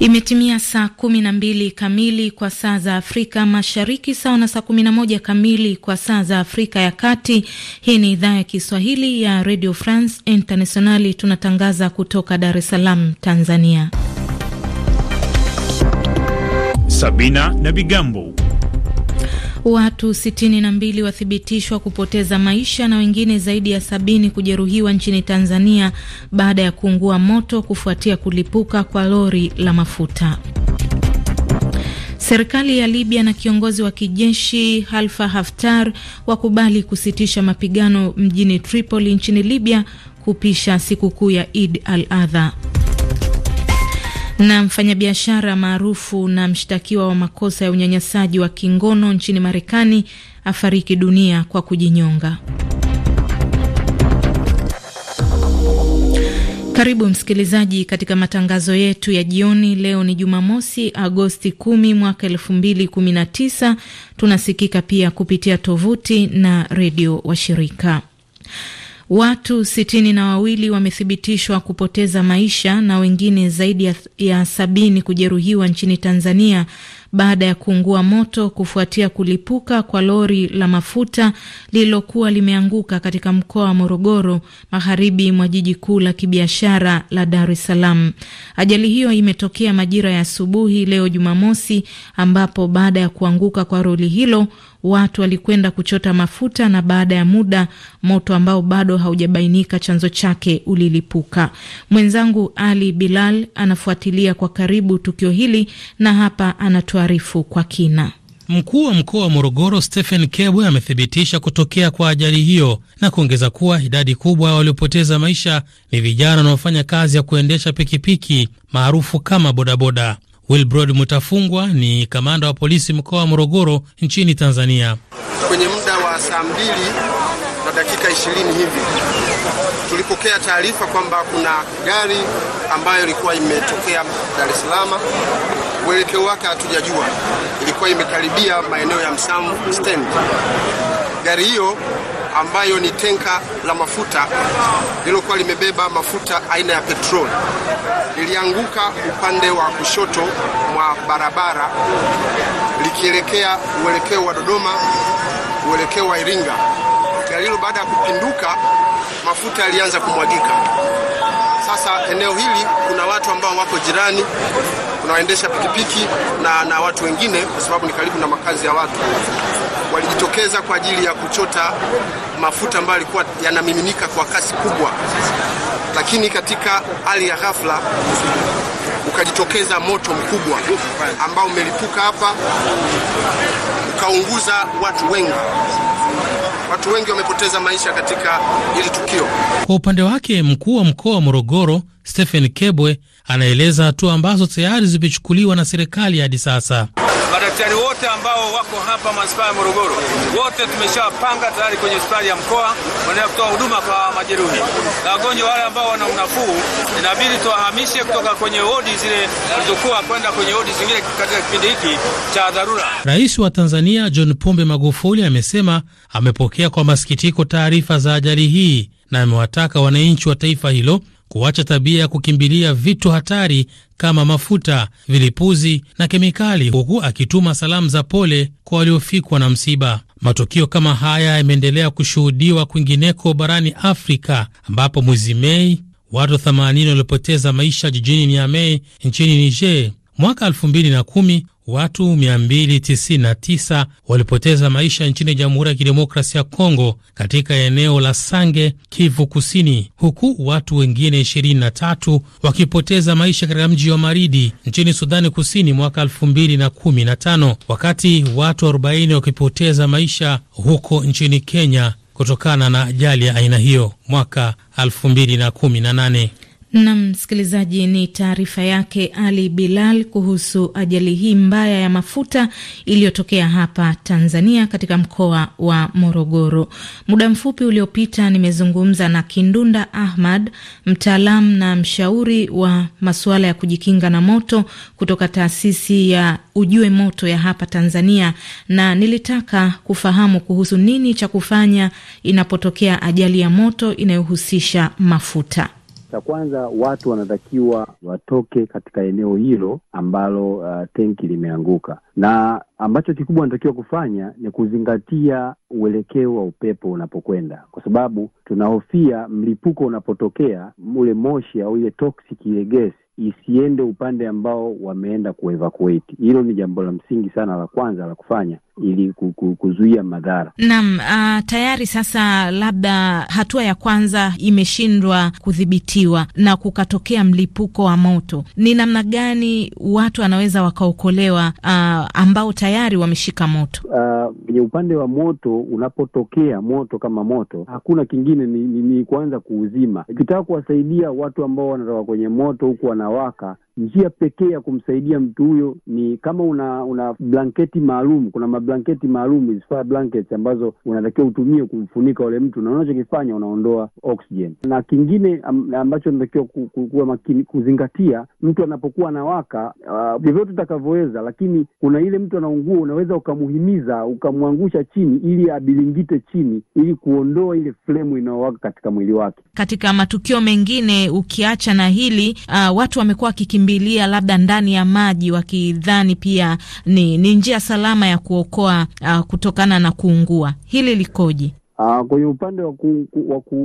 Imetimia saa kumi na mbili kamili kwa saa za Afrika Mashariki, sawa na saa kumi na moja kamili kwa saa za Afrika ya Kati. Hii ni idhaa ya Kiswahili ya Radio France Internationali, tunatangaza kutoka Dar es Salaam, Tanzania. Sabina na Bigambo. Watu 62 wathibitishwa kupoteza maisha na wengine zaidi ya sabini kujeruhiwa nchini Tanzania baada ya kuungua moto kufuatia kulipuka kwa lori la mafuta. Serikali ya Libya na kiongozi wa kijeshi Khalifa Haftar wakubali kusitisha mapigano mjini Tripoli nchini Libya kupisha sikukuu ya id al-Adha. Na mfanyabiashara maarufu na mshtakiwa wa makosa ya unyanyasaji wa kingono nchini Marekani afariki dunia kwa kujinyonga. Karibu msikilizaji katika matangazo yetu ya jioni. Leo ni Jumamosi, Agosti 10 mwaka 2019. Tunasikika pia kupitia tovuti na redio washirika. Watu sitini na wawili wamethibitishwa kupoteza maisha na wengine zaidi ya, sabini kujeruhiwa nchini Tanzania baada ya kuungua moto kufuatia kulipuka kwa lori la mafuta lililokuwa limeanguka katika mkoa wa Morogoro, magharibi mwa jiji kuu la kibiashara la Dar es Salaam. Ajali hiyo imetokea majira ya asubuhi leo Jumamosi, ambapo baada ya kuanguka kwa lori hilo watu walikwenda kuchota mafuta na baada ya muda moto ambao bado haujabainika chanzo chake ulilipuka. Mwenzangu Ali Bilal anafuatilia kwa karibu tukio hili na hapa anatuarifu kwa kina. Mkuu wa mkoa wa Morogoro Stephen Kebwe amethibitisha kutokea kwa ajali hiyo na kuongeza kuwa idadi kubwa waliopoteza maisha ni vijana wanaofanya kazi ya kuendesha pikipiki maarufu kama bodaboda. Wilbrod Mutafungwa ni kamanda wa polisi mkoa wa Morogoro nchini Tanzania. Kwenye muda wa saa mbili na dakika ishirini hivi tulipokea taarifa kwamba kuna gari ambayo ilikuwa imetokea Dar es Salaam, uelekeo wake hatujajua, ilikuwa imekaribia maeneo ya Msamu stendi. Gari hiyo ambayo ni tenka la mafuta lililokuwa limebeba mafuta aina ya petroli lilianguka upande wa kushoto mwa barabara likielekea uelekeo wa Dodoma, uelekeo wa Iringa. Gari hilo baada ya kupinduka, mafuta yalianza kumwagika. Sasa eneo hili kuna watu ambao wako jirani, kuna waendesha pikipiki na, na watu wengine, kwa sababu ni karibu na makazi ya watu walijitokeza kwa ajili ya kuchota mafuta ambayo yalikuwa yanamiminika kwa kasi kubwa, lakini katika hali ya ghafla ukajitokeza moto mkubwa ambao umelipuka hapa ukaunguza watu wengi. Watu wengi wamepoteza maisha katika hili tukio. Kwa upande wake, mkuu wa mkoa wa Morogoro Stephen Kebwe anaeleza hatua ambazo tayari zimechukuliwa na serikali hadi sasa madaktari wote ambao wako hapa manispaa ya Morogoro wote tumeshapanga tayari kwenye hospitali ya mkoa, wanaenda kutoa huduma kwa majeruhi na wagonjwa. Wale ambao wana unafuu, inabidi tuwahamishe kutoka kwenye wodi zile zilizokuwa kwenda kwenye wodi zingine katika kipindi hiki cha dharura. Rais wa Tanzania John Pombe Magufuli amesema amepokea kwa masikitiko taarifa za ajali hii na amewataka wananchi wa taifa hilo kuacha tabia ya kukimbilia vitu hatari kama mafuta, vilipuzi na kemikali, huku akituma salamu za pole kwa waliofikwa na msiba. Matukio kama haya yameendelea kushuhudiwa kwingineko barani Afrika, ambapo mwezi Mei watu 80 waliopoteza maisha jijini Niamey nchini Niger. Mwaka 2010 watu 299 walipoteza maisha nchini Jamhuri ya Kidemokrasia ya Kongo katika eneo la Sange, Kivu Kusini, huku watu wengine 23 wakipoteza maisha katika mji wa Maridi nchini Sudani Kusini mwaka 2015, wakati watu 40 wakipoteza maisha huko nchini Kenya kutokana na ajali ya aina hiyo mwaka 2018. Nam msikilizaji, ni taarifa yake Ali Bilal kuhusu ajali hii mbaya ya mafuta iliyotokea hapa Tanzania, katika mkoa wa Morogoro. Muda mfupi uliopita nimezungumza na Kindunda Ahmad, mtaalamu na mshauri wa masuala ya kujikinga na moto kutoka taasisi ya Ujue Moto ya hapa Tanzania, na nilitaka kufahamu kuhusu nini cha kufanya inapotokea ajali ya moto inayohusisha mafuta. Cha kwanza watu wanatakiwa watoke katika eneo hilo ambalo uh, tenki limeanguka, na ambacho kikubwa wanatakiwa kufanya ni kuzingatia uelekeo wa upepo unapokwenda, kwa sababu tunahofia mlipuko unapotokea ule moshi au ile toxic ile gesi isiende upande ambao wameenda kuevakueti Hilo ni jambo la msingi sana la kwanza la kufanya, ili kuzuia madhara. Naam. Uh, tayari sasa labda hatua ya kwanza imeshindwa kudhibitiwa na kukatokea mlipuko wa moto, ni namna gani watu wanaweza wakaokolewa uh, ambao tayari wameshika moto? Ah, kwenye uh, upande wa moto, unapotokea moto kama moto, hakuna kingine ni, ni, ni kuanza kuuzima. Ukitaka kuwasaidia watu ambao wanatoka kwenye moto huku wanawaka njia pekee ya kumsaidia mtu huyo ni kama una una blanketi maalum. Kuna mablanketi maalum blankets ambazo unatakiwa utumie kumfunika ule mtu, na unachokifanya unaondoa oxygen. Na kingine ambacho natakiwa kuwa makini kuzingatia, mtu anapokuwa anawaka uh, vyovyote uh, utakavyoweza, lakini kuna ile mtu anaungua, unaweza ukamuhimiza ukamwangusha chini ili abilingite chini ili kuondoa ile flemu inayowaka katika mwili wake. Katika matukio mengine ukiacha na hili uh, watu wamekuwa wakikimbia kukimbilia labda ndani ya maji, wakidhani pia ni, ni njia salama ya kuokoa uh, kutokana na kuungua. Hili likoje? Uh, kwenye upande wa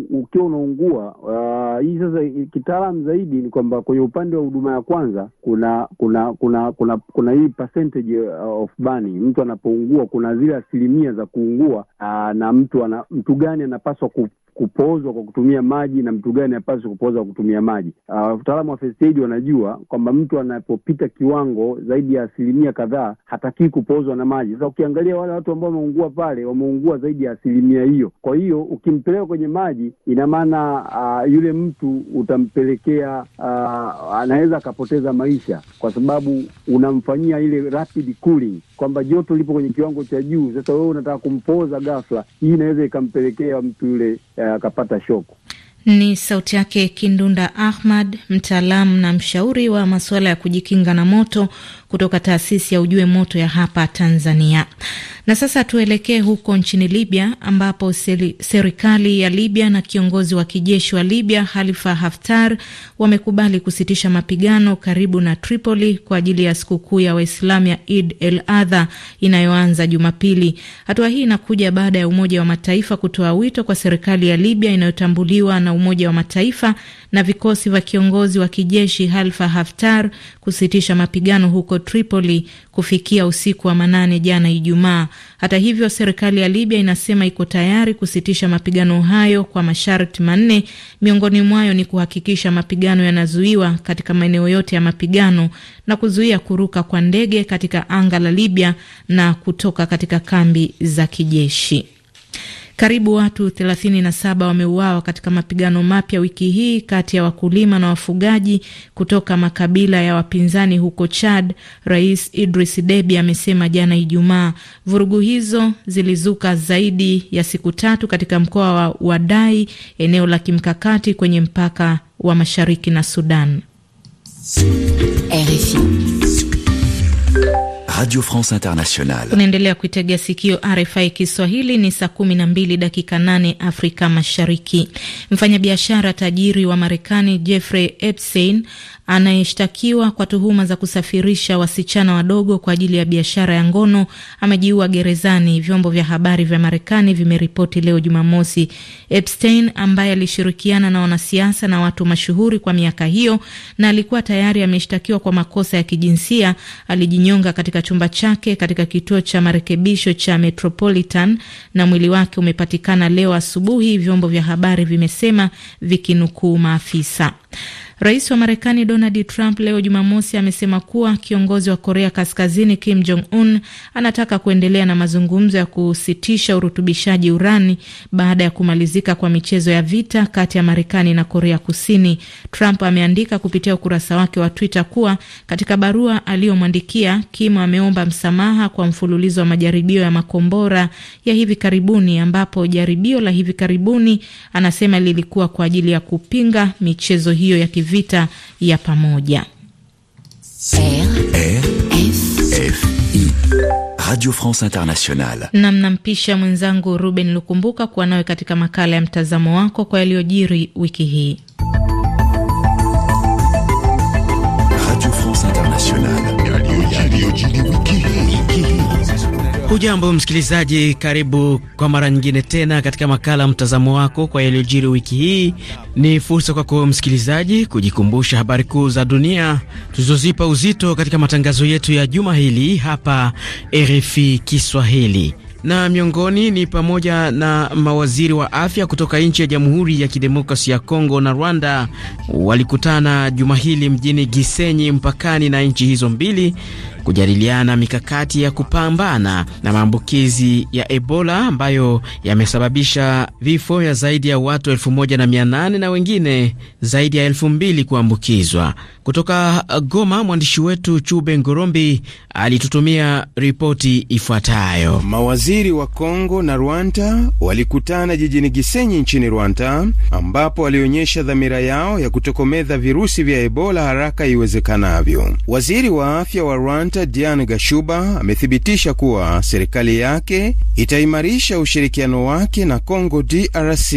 ukiwa unaungua uh, hii sasa kitaalamu zaidi ni kwamba kwenye upande wa huduma ya kwanza kuna kuna kuna kuna kuna hii percentage of burning. Mtu anapoungua kuna zile asilimia za kuungua uh, na mtu ana, mtu gani anapaswa kupozwa kwa kutumia maji na mtu gani apaswe kupozwa kwa kutumia maji. Ah, wataalamu uh, wa first aid wanajua kwamba mtu anapopita kiwango zaidi ya asilimia kadhaa hatakii kupozwa na maji. Sasa ukiangalia wale watu ambao wameungua pale, wameungua zaidi ya asilimia hiyo. Kwa hiyo ukimpeleka kwenye maji, ina maana uh, yule mtu utampelekea uh, anaweza akapoteza maisha, kwa sababu unamfanyia ile rapid cooling kwamba joto lipo kwenye kiwango cha juu. Sasa wewe unataka kumpoza ghafla, hii inaweza ikampelekea mtu yule Eh, akapata shoko. Ni sauti yake Kindunda Ahmad, mtaalamu na mshauri wa masuala ya kujikinga na moto kutoka taasisi ya Ujue Moto ya hapa Tanzania. Na sasa tuelekee huko nchini Libya ambapo serikali ya Libya na kiongozi wa kijeshi wa Libya Khalifa Haftar wamekubali kusitisha mapigano karibu na Tripoli kwa ajili ya sikukuu ya Waislamu ya id el Adha inayoanza Jumapili. Hatua hii inakuja baada ya Umoja wa Mataifa kutoa wito kwa serikali ya Libya inayotambuliwa na Umoja wa Mataifa na vikosi vya kiongozi wa kijeshi Khalifa Haftar kusitisha mapigano huko Tripoli kufikia usiku wa manane jana Ijumaa. Hata hivyo, serikali ya Libya inasema iko tayari kusitisha mapigano hayo kwa masharti manne, miongoni mwayo ni kuhakikisha mapigano yanazuiwa katika maeneo yote ya mapigano na kuzuia kuruka kwa ndege katika anga la Libya na kutoka katika kambi za kijeshi. Karibu watu 37 wameuawa katika mapigano mapya wiki hii kati ya wakulima na wafugaji kutoka makabila ya wapinzani huko Chad, Rais Idris Deby amesema jana Ijumaa. Vurugu hizo zilizuka zaidi ya siku tatu katika mkoa wa Wadai, eneo la kimkakati kwenye mpaka wa mashariki na Sudan. RFI. Radio France Internationale. Unaendelea kuitegea sikio RFI Kiswahili. Ni saa kumi na mbili dakika nane Afrika Mashariki. Mfanyabiashara tajiri wa Marekani Jeffrey Epstein anayeshtakiwa kwa tuhuma za kusafirisha wasichana wadogo kwa ajili ya biashara ya ngono amejiua gerezani, vyombo vya habari vya Marekani vimeripoti leo Jumamosi. Epstein ambaye alishirikiana na wanasiasa na watu mashuhuri kwa miaka hiyo na alikuwa tayari ameshtakiwa kwa makosa ya kijinsia alijinyonga katika chumba chake katika kituo cha marekebisho cha Metropolitan na mwili wake umepatikana leo asubuhi, vyombo vya habari vimesema vikinukuu maafisa. Rais wa Marekani Donald Trump leo Jumamosi amesema kuwa kiongozi wa Korea Kaskazini Kim Jong Un anataka kuendelea na mazungumzo ya kusitisha urutubishaji urani baada ya kumalizika kwa michezo ya vita kati ya Marekani na Korea Kusini. Trump ameandika kupitia ukurasa wake wa Twitter kuwa katika barua aliyomwandikia Kim ameomba msamaha kwa mfululizo wa majaribio ya makombora ya hivi karibuni, ambapo jaribio la hivi karibuni anasema lilikuwa kwa ajili ya kupinga michezo hiyo ya kivita vita ya pamoja. Radio France Internationale. Namnampisha mwenzangu Ruben Lukumbuka kuwa nawe katika makala ya mtazamo wako kwa yaliyojiri wiki hii. Radio France Internationale. Hujambo msikilizaji, karibu kwa mara nyingine tena katika makala mtazamo wako kwa yaliyojiri wiki hii. Ni fursa kwako msikilizaji kujikumbusha habari kuu za dunia tulizozipa uzito katika matangazo yetu ya juma hili hapa RFI Kiswahili na miongoni ni pamoja na mawaziri wa afya kutoka nchi ya Jamhuri ya Kidemokrasi ya Kongo na Rwanda walikutana juma hili mjini Gisenyi, mpakani na nchi hizo mbili, kujadiliana mikakati ya kupambana na maambukizi ya Ebola ambayo yamesababisha vifo ya zaidi ya watu 18 na na wengine zaidi ya elfu kuambukizwa. Kutoka Goma, mwandishi wetu Chube Ngorombi alitutumia ripoti ifuatayo. Mawaziri wa Kongo na Rwanda walikutana jijini Gisenyi nchini Rwanda, ambapo walionyesha dhamira yao ya kutokomeza virusi vya Ebola haraka iwezekanavyo. Waziri wa afya wa Rwanda Dr. Dian Gashuba amethibitisha kuwa serikali yake itaimarisha ushirikiano wake na Congo DRC.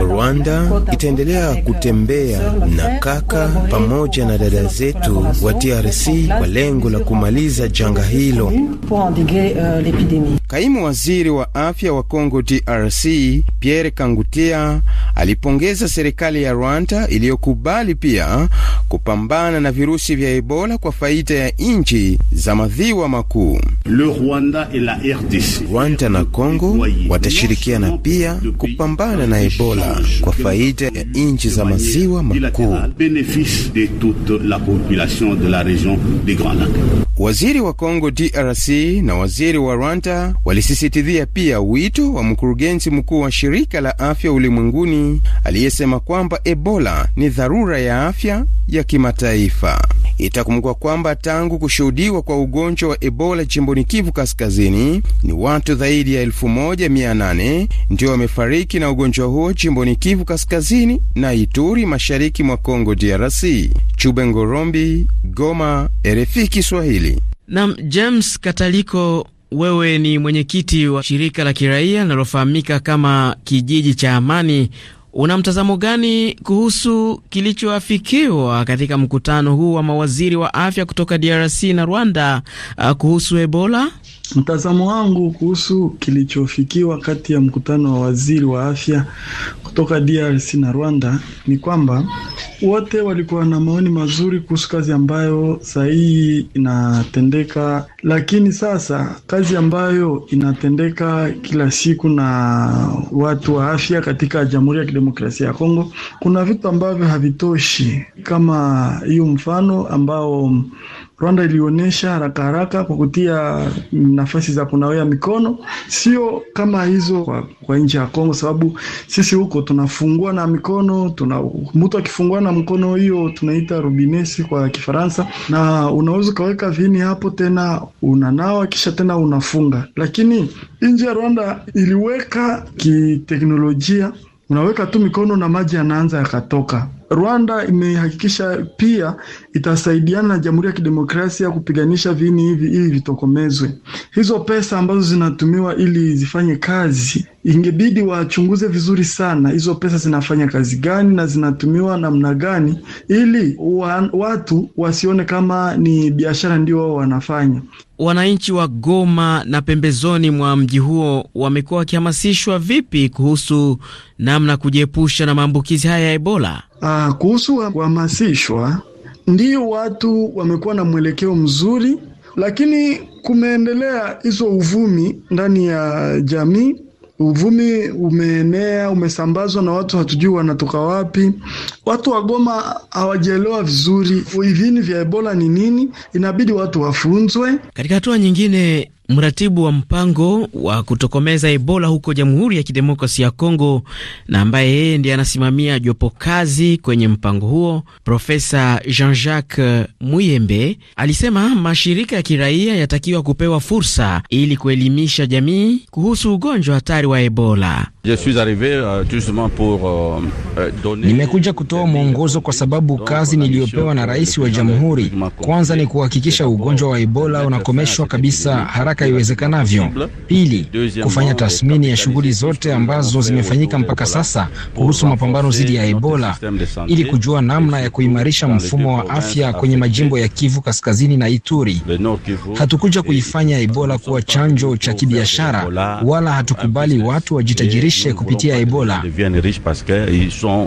Rwanda itaendelea euh, kutembea na kaka pamoja na dada zetu wa DRC kwa lengo la kumaliza janga hilo. Euh, Kaimu waziri wa afya wa Congo DRC Pierre Kangutia alipongeza serikali ya Rwanda iliyokubali pia kupambana na virusi vya Ebola kwa faida ya nchi za maziwa makuu. Rwanda na Kongo watashirikiana pia kupambana na Ebola kwa faida ya nchi za maziwa makuu. Waziri wa Kongo DRC na waziri wa Rwanda walisisitizia pia wito wa mkurugenzi mkuu wa shirika la afya ulimwenguni aliyesema kwamba Ebola ni dharura ya afya ya kimataifa. Itakumbukwa kwamba tangu kushuhudiwa kwa ugonjwa wa Ebola jimboni Kivu Kaskazini, ni watu zaidi ya 1800 ndio wamefariki na ugonjwa huo jimboni Kivu Kaskazini na Ituri, mashariki mwa congo DRC. Chube Ngorombi, Goma, RFI Kiswahili. Nam James Kataliko, wewe ni mwenyekiti wa shirika la kiraia linalofahamika kama kijiji cha Amani una mtazamo gani kuhusu kilichoafikiwa katika mkutano huu wa mawaziri wa afya kutoka DRC na Rwanda uh, kuhusu Ebola? Mtazamo wangu kuhusu kilichofikiwa kati ya mkutano wa waziri wa afya kutoka DRC na Rwanda ni kwamba wote walikuwa na maoni mazuri kuhusu kazi ambayo sahihi inatendeka, lakini sasa kazi ambayo inatendeka kila siku na watu wa afya katika Jamhuri ya Kidemokrasia ya Kongo, kuna vitu ambavyo havitoshi, kama hiyo mfano ambao Rwanda ilionyesha haraka haraka kwa kutia nafasi za kunawea mikono, sio kama hizo kwa, kwa nchi ya Kongo, sababu sisi huko tunafungua na mikono tuna, mtu akifungua na mkono hiyo tunaita rubinesi kwa Kifaransa, na unaweza ukaweka vini hapo tena unanawa kisha tena unafunga, lakini nchi ya Rwanda iliweka kiteknolojia, unaweka tu mikono na maji yanaanza yakatoka. Rwanda imehakikisha pia itasaidiana na Jamhuri ya Kidemokrasia kupiganisha viini hivi ili vitokomezwe. Hizo pesa ambazo zinatumiwa ili zifanye kazi, ingebidi wachunguze vizuri sana hizo pesa zinafanya kazi gani na zinatumiwa namna gani, ili wa, watu wasione kama ni biashara ndio wao wanafanya. Wananchi wa Goma na pembezoni mwa mji huo wamekuwa wakihamasishwa vipi kuhusu namna kujiepusha na maambukizi haya ya Ebola? Uh, kuhusu kuhamasishwa, ndio watu wamekuwa na mwelekeo mzuri, lakini kumeendelea hizo uvumi ndani ya jamii. Uvumi umeenea, umesambazwa na watu hatujui wanatoka wapi. Watu wa Goma hawajaelewa vizuri uivini vya Ebola ni nini, inabidi watu wafunzwe. Katika hatua nyingine mratibu wa mpango wa kutokomeza Ebola huko Jamhuri ya kidemokrasi ya Kongo na ambaye yeye ndiye anasimamia jopo kazi kwenye mpango huo, Profesa Jean-Jacques Muyembe alisema mashirika ya kiraia yatakiwa kupewa fursa ili kuelimisha jamii kuhusu ugonjwa hatari wa Ebola. Euh, euh, euh, Nimekuja kutoa mwongozo kwa sababu kazi niliyopewa na rais wa jamhuri kwanza ni kuhakikisha ugonjwa wa Ebola unakomeshwa kabisa haraka iwezekanavyo. Pili, kufanya tathmini ya shughuli zote ambazo zimefanyika mpaka sasa kuhusu mapambano dhidi ya Ebola ili kujua namna ya kuimarisha mfumo wa afya kwenye majimbo ya Kivu Kaskazini na Ituri. Hatukuja kuifanya Ebola kuwa chanjo cha kibiashara wala hatukubali watu wajitajirisha riche kupitia Ebola.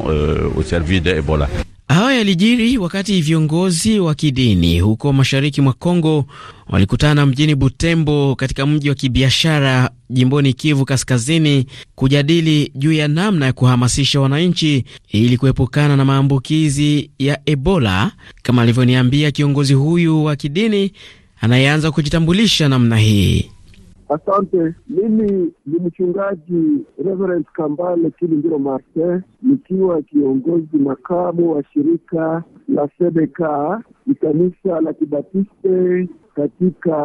Euh, Hayo yalijiri wakati viongozi wa kidini huko mashariki mwa Kongo walikutana mjini Butembo katika mji wa kibiashara jimboni Kivu Kaskazini kujadili juu ya namna ya kuhamasisha wananchi ili kuepukana na maambukizi ya Ebola, kama alivyoniambia kiongozi huyu wa kidini anayeanza kujitambulisha namna hii. Asante. Mimi ni mchungaji Reverend Kambale Kilindiro Marte, nikiwa kiongozi makamu wa shirika la Sebeka ni kanisa la Kibatiste katika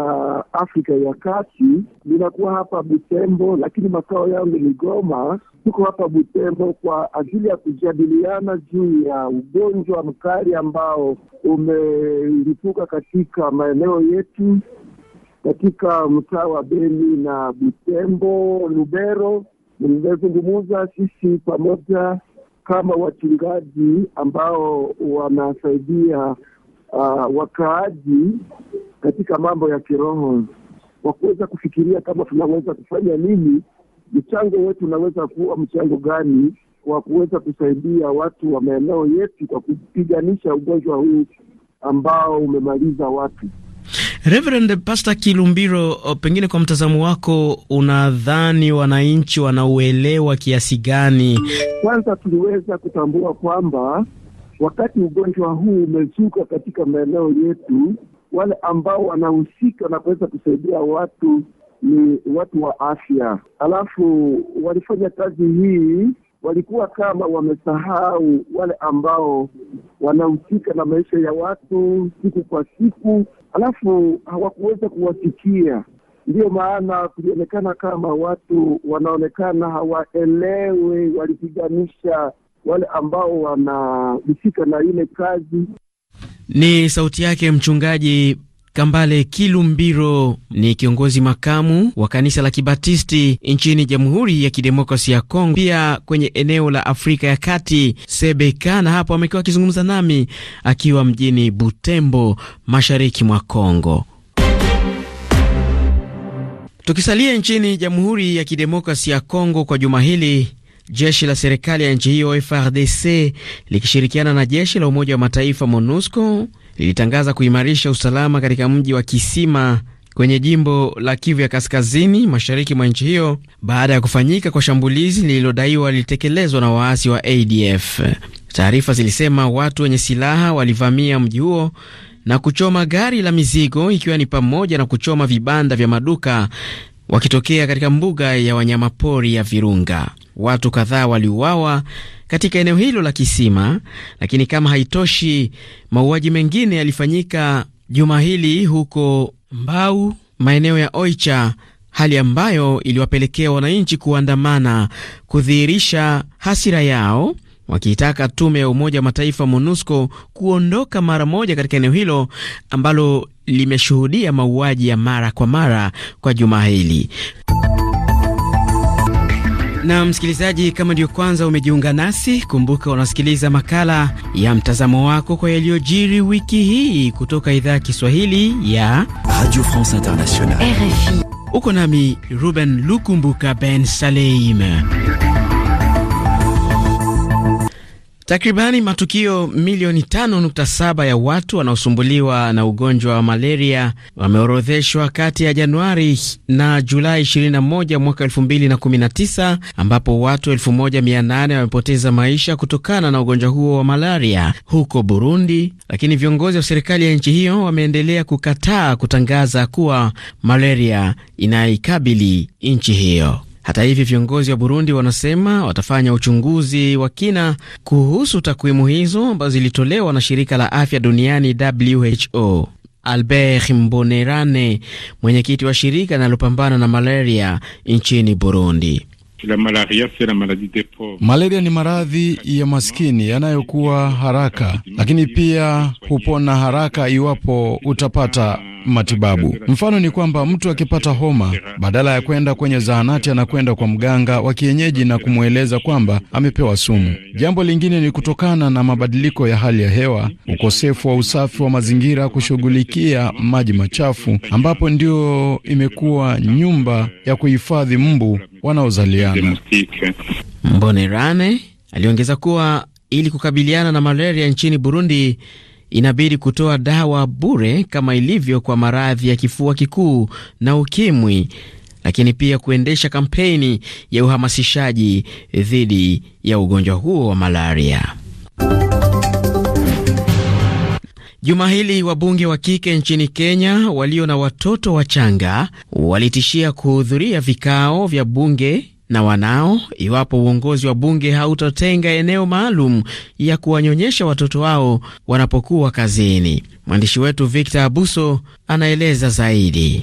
Afrika ya Kati. Ninakuwa hapa Butembo, lakini makao yangu ni Goma. Tuko hapa Butembo kwa ajili ya kujadiliana juu ya ugonjwa mkali ambao umelipuka katika maeneo yetu katika mtaa wa Beni na Butembo, Lubero. Nimezungumuza sisi pamoja kama wachungaji ambao wanasaidia uh, wakaaji katika mambo ya kiroho, kwa kuweza kufikiria kama tunaweza kufanya nini, mchango wetu unaweza kuwa mchango gani wa kuweza kusaidia watu wa maeneo yetu kwa kupiganisha ugonjwa huu ambao umemaliza watu. Reverend Pastor Kilumbiro, oh, pengine kwa mtazamo wako, unadhani wananchi wanauelewa kiasi gani? Kwanza tuliweza kutambua kwamba wakati ugonjwa huu umezuka katika maeneo yetu, wale ambao wanahusika na kuweza kusaidia watu ni watu wa afya. Alafu walifanya kazi hii walikuwa kama wamesahau wale ambao wanahusika na maisha ya watu siku kwa siku, alafu hawakuweza kuwafikia. Ndiyo maana kulionekana kama watu wanaonekana hawaelewe, walipiganisha wale ambao wanahusika na ile kazi. Ni sauti yake mchungaji Kambale Kilumbiro ni kiongozi makamu wa kanisa la Kibatisti nchini Jamhuri ya Kidemokrasia ya Kongo, pia kwenye eneo la Afrika ya Kati Sebeka, na hapo amekuwa akizungumza nami akiwa mjini Butembo, mashariki mwa Kongo. Tukisalia nchini Jamhuri ya Kidemokrasia ya Kongo kwa juma hili Jeshi la serikali ya nchi hiyo FRDC likishirikiana na jeshi la Umoja wa Mataifa MONUSCO lilitangaza kuimarisha usalama katika mji wa Kisima kwenye jimbo la Kivu ya kaskazini mashariki mwa nchi hiyo baada ya kufanyika kwa shambulizi lililodaiwa lilitekelezwa na waasi wa ADF. Taarifa zilisema watu wenye silaha walivamia mji huo na kuchoma gari la mizigo ikiwa ni pamoja na kuchoma vibanda vya maduka wakitokea katika mbuga ya wanyamapori ya Virunga. Watu kadhaa waliuawa katika eneo hilo la kisima, lakini kama haitoshi, mauaji mengine yalifanyika juma hili huko Mbau, maeneo ya Oicha, hali ambayo iliwapelekea wananchi kuandamana kudhihirisha hasira yao wakiitaka tume ya Umoja wa Mataifa MONUSCO kuondoka mara moja katika eneo hilo ambalo limeshuhudia mauaji ya mara kwa mara kwa juma hili. Na msikilizaji, kama ndiyo kwanza umejiunga nasi, kumbuka unasikiliza makala ya mtazamo wako kwa yaliyojiri wiki hii kutoka idhaa ya Kiswahili ya Radio France Internationale, RFI. Uko nami Ruben Lukumbuka Ben Saleim. Takribani matukio milioni 5.7 ya watu wanaosumbuliwa na ugonjwa wa malaria wameorodheshwa kati ya Januari na Julai 21 mwaka 2019, ambapo watu 1800 wamepoteza maisha kutokana na ugonjwa huo wa malaria huko Burundi, lakini viongozi wa serikali ya nchi hiyo wameendelea kukataa kutangaza kuwa malaria inaikabili nchi hiyo. Hata hivyo, viongozi wa Burundi wanasema watafanya uchunguzi wa kina kuhusu takwimu hizo ambazo zilitolewa na shirika la afya duniani WHO. Albert Mbonerane, mwenyekiti wa shirika linalopambana na malaria nchini Burundi la malaria, la maladie des pauvres. Malaria ni maradhi ya maskini yanayokuwa haraka, lakini pia hupona haraka iwapo utapata matibabu. Mfano ni kwamba mtu akipata homa, badala ya kwenda kwenye zahanati, anakwenda kwa mganga wa kienyeji na kumweleza kwamba amepewa sumu. Jambo lingine ni kutokana na mabadiliko ya hali ya hewa, ukosefu wa usafi wa mazingira, kushughulikia maji machafu, ambapo ndio imekuwa nyumba ya kuhifadhi mbu wanaozaliana. Mbonerane aliongeza kuwa ili kukabiliana na malaria nchini Burundi inabidi kutoa dawa bure kama ilivyo kwa maradhi ya kifua kikuu na ukimwi, lakini pia kuendesha kampeni ya uhamasishaji dhidi ya ugonjwa huo wa malaria. Juma hili wabunge wa kike nchini Kenya walio na watoto wachanga walitishia kuhudhuria vikao vya bunge na wanao iwapo uongozi wa bunge hautotenga eneo maalum ya kuwanyonyesha watoto wao wanapokuwa kazini. Mwandishi wetu Victor Abuso anaeleza zaidi.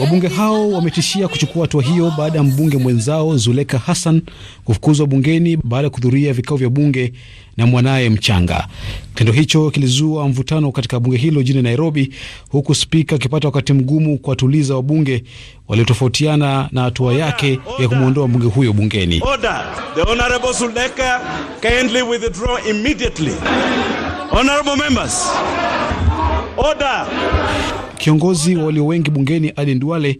Wabunge hao wametishia kuchukua hatua hiyo baada ya mbunge mwenzao Zuleka Hassan kufukuzwa bungeni baada ya kuhudhuria vikao vya bunge na mwanaye mchanga. Kitendo hicho kilizua mvutano katika bunge hilo jijini Nairobi, huku spika akipata wakati mgumu kuwatuliza wabunge waliotofautiana na hatua yake ya kumwondoa mbunge huyo bungeni. Order. Kiongozi wa walio wengi bungeni Aden Duale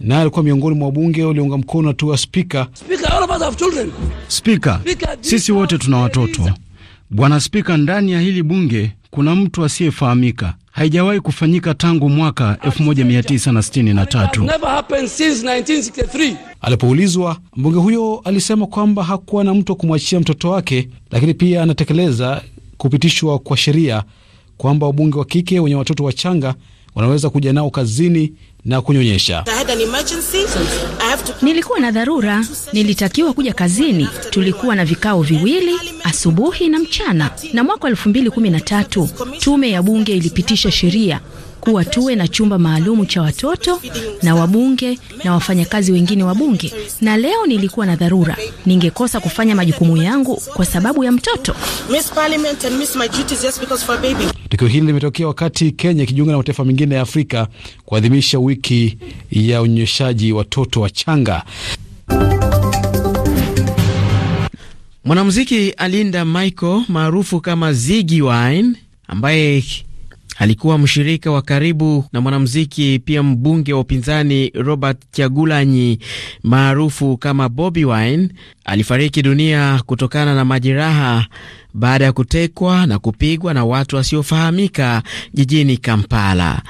naye alikuwa miongoni mwa wabunge waliounga mkono hatua ya spika. Spika, sisi wote tuna watoto bwana spika. Ndani ya hili bunge kuna mtu asiyefahamika, haijawahi kufanyika tangu mwaka 1963. Alipoulizwa, mbunge huyo alisema kwamba hakuwa na mtu wa kumwachia mtoto wake, lakini pia anatekeleza kupitishwa kwa sheria kwamba wabunge wa kike wenye watoto wachanga wanaweza kuja nao kazini na kunyonyesha. Nilikuwa na dharura, nilitakiwa kuja kazini. Tulikuwa na vikao viwili, asubuhi na mchana. Na mwaka 213 tume ya bunge ilipitisha sheria kuwa tuwe na chumba maalumu cha watoto na wabunge na wafanyakazi wengine wa bunge, na leo nilikuwa na dharura, ningekosa kufanya majukumu yangu kwa sababu ya mtoto. Tukio hili limetokea wakati Kenya ikijiunga na mataifa mengine ya Afrika kuadhimisha wiki ya unyonyeshaji watoto wachanga. Mwanamuziki Alinda Michael maarufu kama Ziggy Wine ambaye Alikuwa mshirika wa karibu na mwanamuziki pia mbunge wa upinzani Robert Chagulanyi maarufu kama Bobi Wine. Alifariki dunia kutokana na majeraha baada ya kutekwa na kupigwa na watu wasiofahamika jijini Kampala.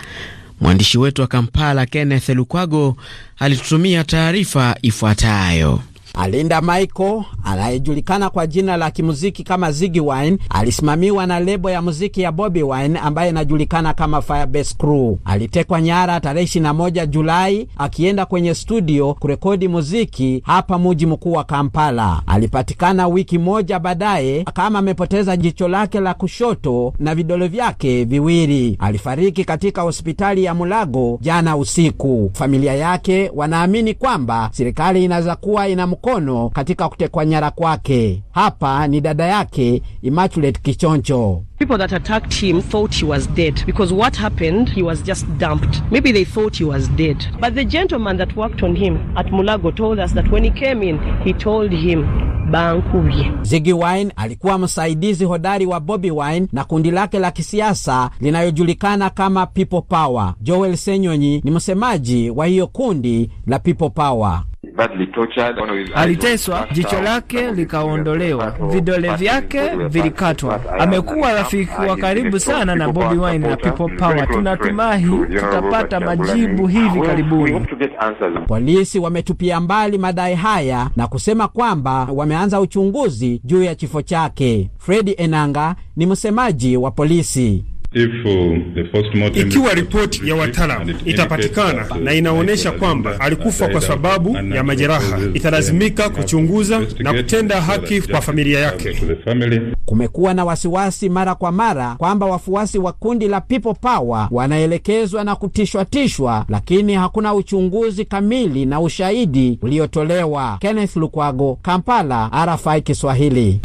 Mwandishi wetu wa Kampala Kenneth Lukwago alitutumia taarifa ifuatayo. Alinda Michael anayejulikana kwa jina la kimuziki kama Ziggy Wine alisimamiwa na lebo ya muziki ya Bobby Wine ambaye inajulikana kama Firebase Crew. Alitekwa nyara tarehe 21 Julai akienda kwenye studio kurekodi muziki hapa muji mkuu wa Kampala. Alipatikana wiki moja baadaye kama amepoteza jicho lake la kushoto na vidole vyake viwili. Alifariki katika hospitali ya Mulago jana usiku. Familia yake wanaamini kwamba serikali inaweza kuwa ina mkono katika kutekwa nyara kwake. Hapa ni dada yake Immaculate Kichoncho. People that attacked him thought he was dead because what happened, he was just dumped. Maybe they thought he was dead. But the gentleman that worked on him at Mulago told us that when he came in, he told him Ziggy Wine alikuwa msaidizi hodari wa Bobby Wine na kundi lake la kisiasa linayojulikana kama People Power. Joel Senyonyi ni msemaji wa hiyo kundi la People Power. Aliteswa, jicho lake likaondolewa, vidole vyake vilikatwa. Amekuwa urafiki wa karibu sana na Bobi Wine na People Power. Tunatumahi tutapata majibu hivi karibuni. Polisi wametupia mbali madai haya na kusema kwamba wameanza uchunguzi juu ya kifo chake. Fredi Enanga ni msemaji wa polisi. Uh, Ikiwa ripoti ya wataalamu itapatikana na inaonyesha kwamba alikufa kwa sababu ya majeraha, italazimika kuchunguza na kutenda haki kwa familia yake. Kumekuwa na wasiwasi mara kwa mara kwamba wafuasi wa kundi la People Power wanaelekezwa na kutishwatishwa, lakini hakuna uchunguzi kamili na ushahidi uliotolewa. Kenneth Lukwago, Kampala, RFI Kiswahili.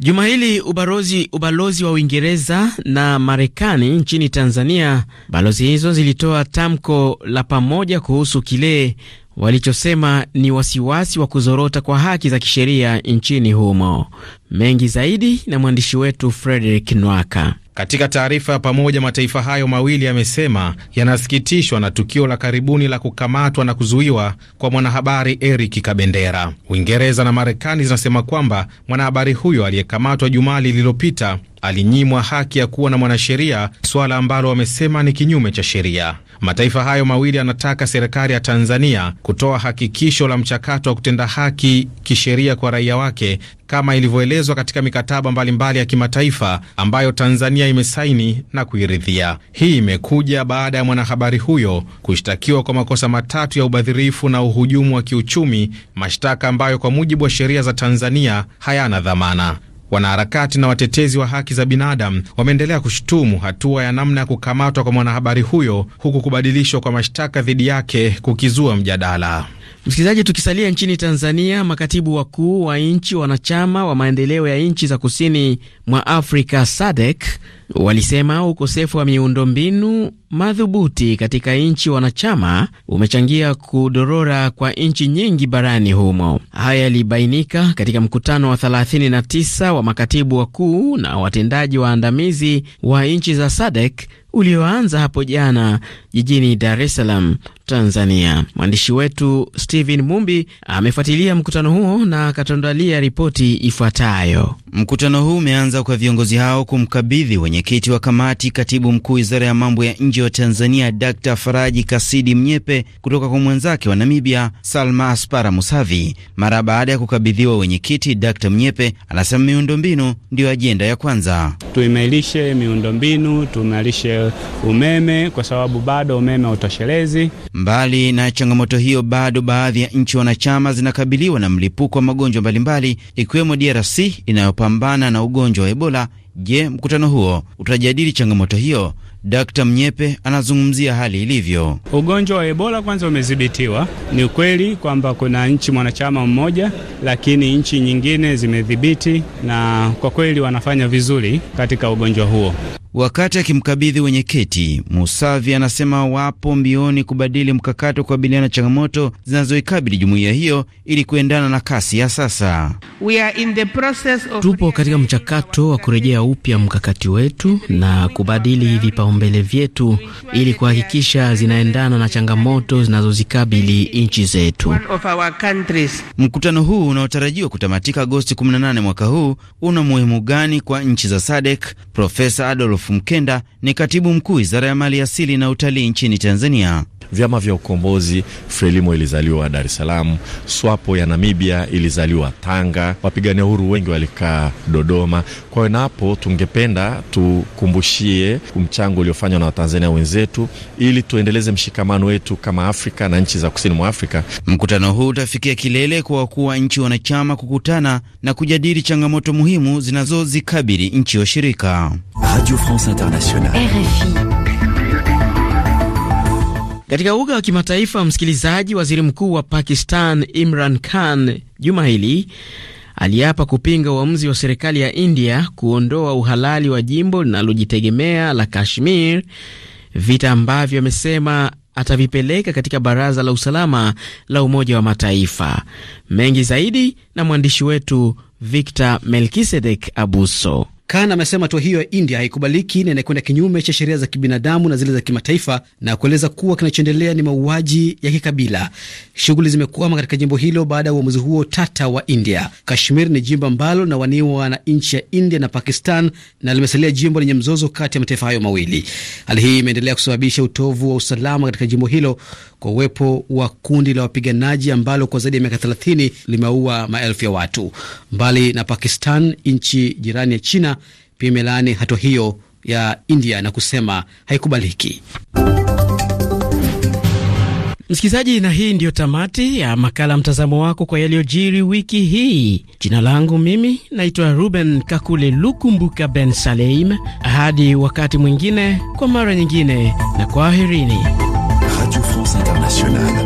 Juma hili ubalozi ubalozi wa Uingereza na Marekani nchini Tanzania, balozi hizo zilitoa tamko la pamoja kuhusu kile walichosema ni wasiwasi wa kuzorota kwa haki za kisheria nchini humo. Mengi zaidi na mwandishi wetu Frederick Nwaka. Katika taarifa ya pamoja, mataifa hayo mawili yamesema yanasikitishwa na tukio la karibuni la kukamatwa na kuzuiwa kwa mwanahabari Eric Kabendera. Uingereza na Marekani zinasema kwamba mwanahabari huyo aliyekamatwa Jumaa lililopita alinyimwa haki ya kuwa na mwanasheria, suala ambalo wamesema ni kinyume cha sheria. Mataifa hayo mawili yanataka serikali ya Tanzania kutoa hakikisho la mchakato wa kutenda haki kisheria kwa raia wake kama ilivyoelezwa katika mikataba mbalimbali mbali ya kimataifa ambayo Tanzania imesaini na kuiridhia. Hii imekuja baada ya mwanahabari huyo kushtakiwa kwa makosa matatu ya ubadhirifu na uhujumu wa kiuchumi, mashtaka ambayo kwa mujibu wa sheria za Tanzania hayana dhamana. Wanaharakati na watetezi wa haki za binadamu wameendelea kushutumu hatua ya namna ya kukamatwa kwa mwanahabari huyo huku kubadilishwa kwa mashtaka dhidi yake kukizua mjadala. Msikilizaji, tukisalia nchini Tanzania, makatibu wakuu wa nchi wanachama wa maendeleo ya nchi za kusini mwa Afrika SADC Walisema ukosefu wa miundombinu madhubuti katika nchi wanachama umechangia kudorora kwa nchi nyingi barani humo. Haya yalibainika katika mkutano wa 39 wa makatibu wakuu na watendaji waandamizi wa nchi za SADC ulioanza hapo jana jijini Dar es Salaam, Tanzania. Mwandishi wetu Stephen Mumbi amefuatilia mkutano huo na akatuandalia ripoti ifuatayo. Mkutano huu umeanza kwa viongozi hao kumkabidhi wenye Mwenyekiti wa kamati, katibu mkuu wizara ya mambo ya nje wa Tanzania Dr Faraji Kasidi Mnyepe kutoka kwa mwenzake wa Namibia Salma Aspara Musavi. Mara baada ya kukabidhiwa wenyekiti, Dr Mnyepe anasema miundombinu ndiyo ajenda ya kwanza. Tuimarishe miundombinu, tuimarishe umeme kwa sababu bado umeme hautoshelezi. Mbali na changamoto hiyo, bado baadhi ya nchi wanachama zinakabiliwa na mlipuko wa magonjwa mbalimbali, ikiwemo DRC inayopambana na ugonjwa wa Ebola Je, mkutano huo utajadili changamoto hiyo? Dkt. Mnyepe anazungumzia hali ilivyo. Ugonjwa wa Ebola kwanza umedhibitiwa. Ni ukweli kwamba kuna nchi mwanachama mmoja, lakini nchi nyingine zimedhibiti, na kwa kweli wanafanya vizuri katika ugonjwa huo. Wakati akimkabidhi wenye keti Musavi anasema wapo mbioni kubadili mkakati wa kukabiliana na changamoto zinazoikabili jumuiya hiyo ili kuendana na kasi ya sasa. We are in the process of... tupo katika mchakato wa kurejea upya mkakati wetu na kubadili vipaumbele vyetu ili kuhakikisha zinaendana na changamoto zinazozikabili nchi zetu. Mkutano huu unaotarajiwa kutamatika Agosti 18 mwaka huu una muhimu gani kwa nchi za SADC? Profesa Adolf Mkenda ni katibu mkuu wizara ya mali asili na utalii nchini Tanzania vyama vya ukombozi, Frelimo ilizaliwa Dar es Salaam, SWAPO ya Namibia ilizaliwa Tanga, wapigania uhuru wengi walikaa Dodoma. Kwa hiyo na hapo tungependa tukumbushie mchango uliofanywa na Watanzania wenzetu ili tuendeleze mshikamano wetu kama Afrika na nchi za kusini mwa Afrika. Mkutano huu utafikia kilele kwa wakuu wa nchi wanachama kukutana na kujadili changamoto muhimu zinazozikabili nchi washirika. Radio France Internationale. RFI. Katika uga wa kimataifa, msikilizaji, waziri mkuu wa Pakistan Imran Khan juma hili aliapa kupinga uamuzi wa serikali ya India kuondoa uhalali wa jimbo linalojitegemea la Kashmir, vita ambavyo amesema atavipeleka katika baraza la usalama la Umoja wa Mataifa. Mengi zaidi na mwandishi wetu Victor Melkisedek Abuso. Khan amesema hatua hiyo ya India haikubaliki na inakwenda kinyume cha sheria za kibinadamu na zile za kimataifa na kueleza kuwa kinachoendelea ni mauaji ya kikabila. Shughuli zimekwama katika jimbo hilo baada ya uamuzi huo tata wa India. Kashmir ni jimbo ambalo linawaniwa na nchi ya India na Pakistan na limesalia jimbo lenye mzozo kati ya mataifa hayo mawili. Hali hii imeendelea kusababisha utovu wa usalama katika jimbo hilo kwa uwepo wa kundi la wapiganaji ambalo kwa zaidi ya miaka 30 limeua maelfu ya watu. Mbali na Pakistan, nchi jirani ya China pia imelaani hatua hiyo ya India na kusema haikubaliki. Msikilizaji, na hii ndiyo tamati ya makala mtazamo wako kwa yaliyojiri wiki hii. Jina langu mimi naitwa Ruben Kakule Lukumbuka Ben Saleim. Hadi wakati mwingine, kwa mara nyingine, na kwaherini. Radio France Internationale.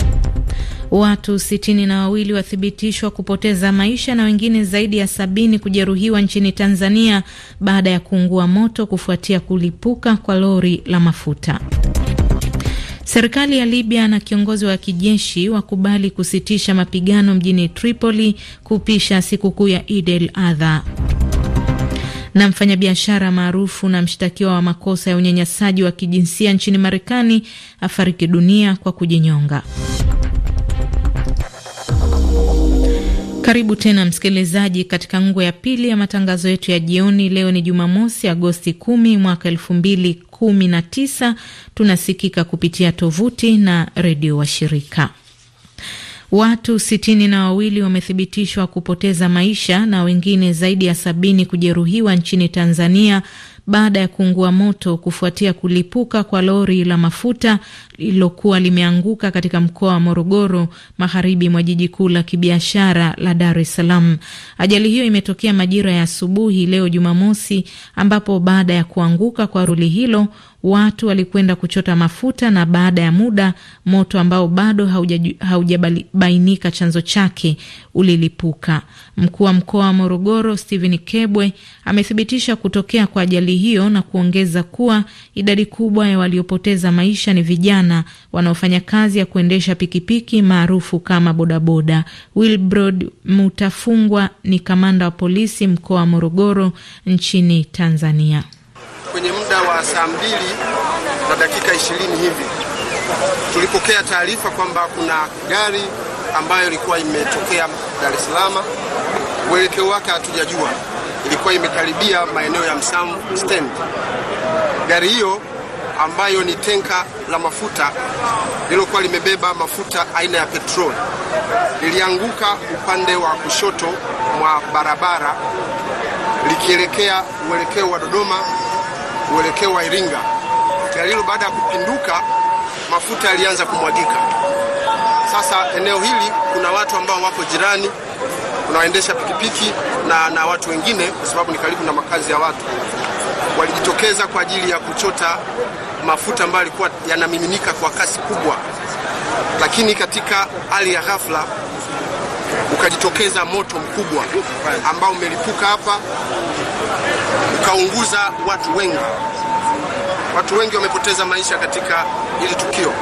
Watu sitini na wawili wathibitishwa kupoteza maisha na wengine zaidi ya sabini kujeruhiwa nchini Tanzania baada ya kuungua moto kufuatia kulipuka kwa lori la mafuta. Serikali ya Libya na kiongozi wa kijeshi wakubali kusitisha mapigano mjini Tripoli kupisha sikukuu ya Eid el Adha. Na mfanyabiashara maarufu na mshtakiwa wa makosa ya unyanyasaji wa kijinsia nchini Marekani afariki dunia kwa kujinyonga. Karibu tena msikilizaji, katika ngwe ya pili ya matangazo yetu ya jioni. Leo ni Jumamosi, Agosti 10 mwaka elfu kumi Tunasikika kupitia tovuti na redio washirika. Watu sitini na wawili wamethibitishwa kupoteza maisha na wengine zaidi ya sabini kujeruhiwa nchini Tanzania baada ya kuungua moto kufuatia kulipuka kwa lori la mafuta lililokuwa limeanguka katika mkoa wa Morogoro, magharibi mwa jiji kuu la kibiashara la Dar es Salaam. Ajali hiyo imetokea majira ya asubuhi leo Jumamosi, ambapo baada ya kuanguka kwa roli hilo watu walikwenda kuchota mafuta na baada ya muda moto ambao bado haujabainika hauja chanzo chake ulilipuka. Mkuu wa mkoa wa Morogoro Stephen Kebwe amethibitisha kutokea kwa ajali hiyo na kuongeza kuwa idadi kubwa ya waliopoteza maisha ni vijana wanaofanya kazi ya kuendesha pikipiki maarufu kama bodaboda. Wilbrod Mutafungwa ni kamanda wa polisi mkoa wa Morogoro nchini Tanzania muda wa saa mbili na dakika ishirini hivi tulipokea taarifa kwamba kuna gari ambayo ilikuwa imetokea Dar es Salaam, uelekeo wake hatujajua, ilikuwa imekaribia maeneo ya Msam stendi. Gari hiyo ambayo ni tenka la mafuta lililokuwa limebeba mafuta aina ya petroli lilianguka upande wa kushoto mwa barabara likielekea uelekeo wa Dodoma uelekeo wa Iringa. Gari hilo baada ya kupinduka, mafuta yalianza kumwagika. Sasa eneo hili kuna watu ambao wako jirani, kuna pikipiki na, na watu wengine, kwa sababu ni karibu na makazi ya watu, walijitokeza kwa ajili ya kuchota mafuta ambayo yalikuwa yanamiminika kwa kasi kubwa, lakini katika hali ya ghafla ukajitokeza moto mkubwa ambao umelipuka hapa ukaunguza watu wengi. Watu wengi wamepoteza maisha katika hili tukio.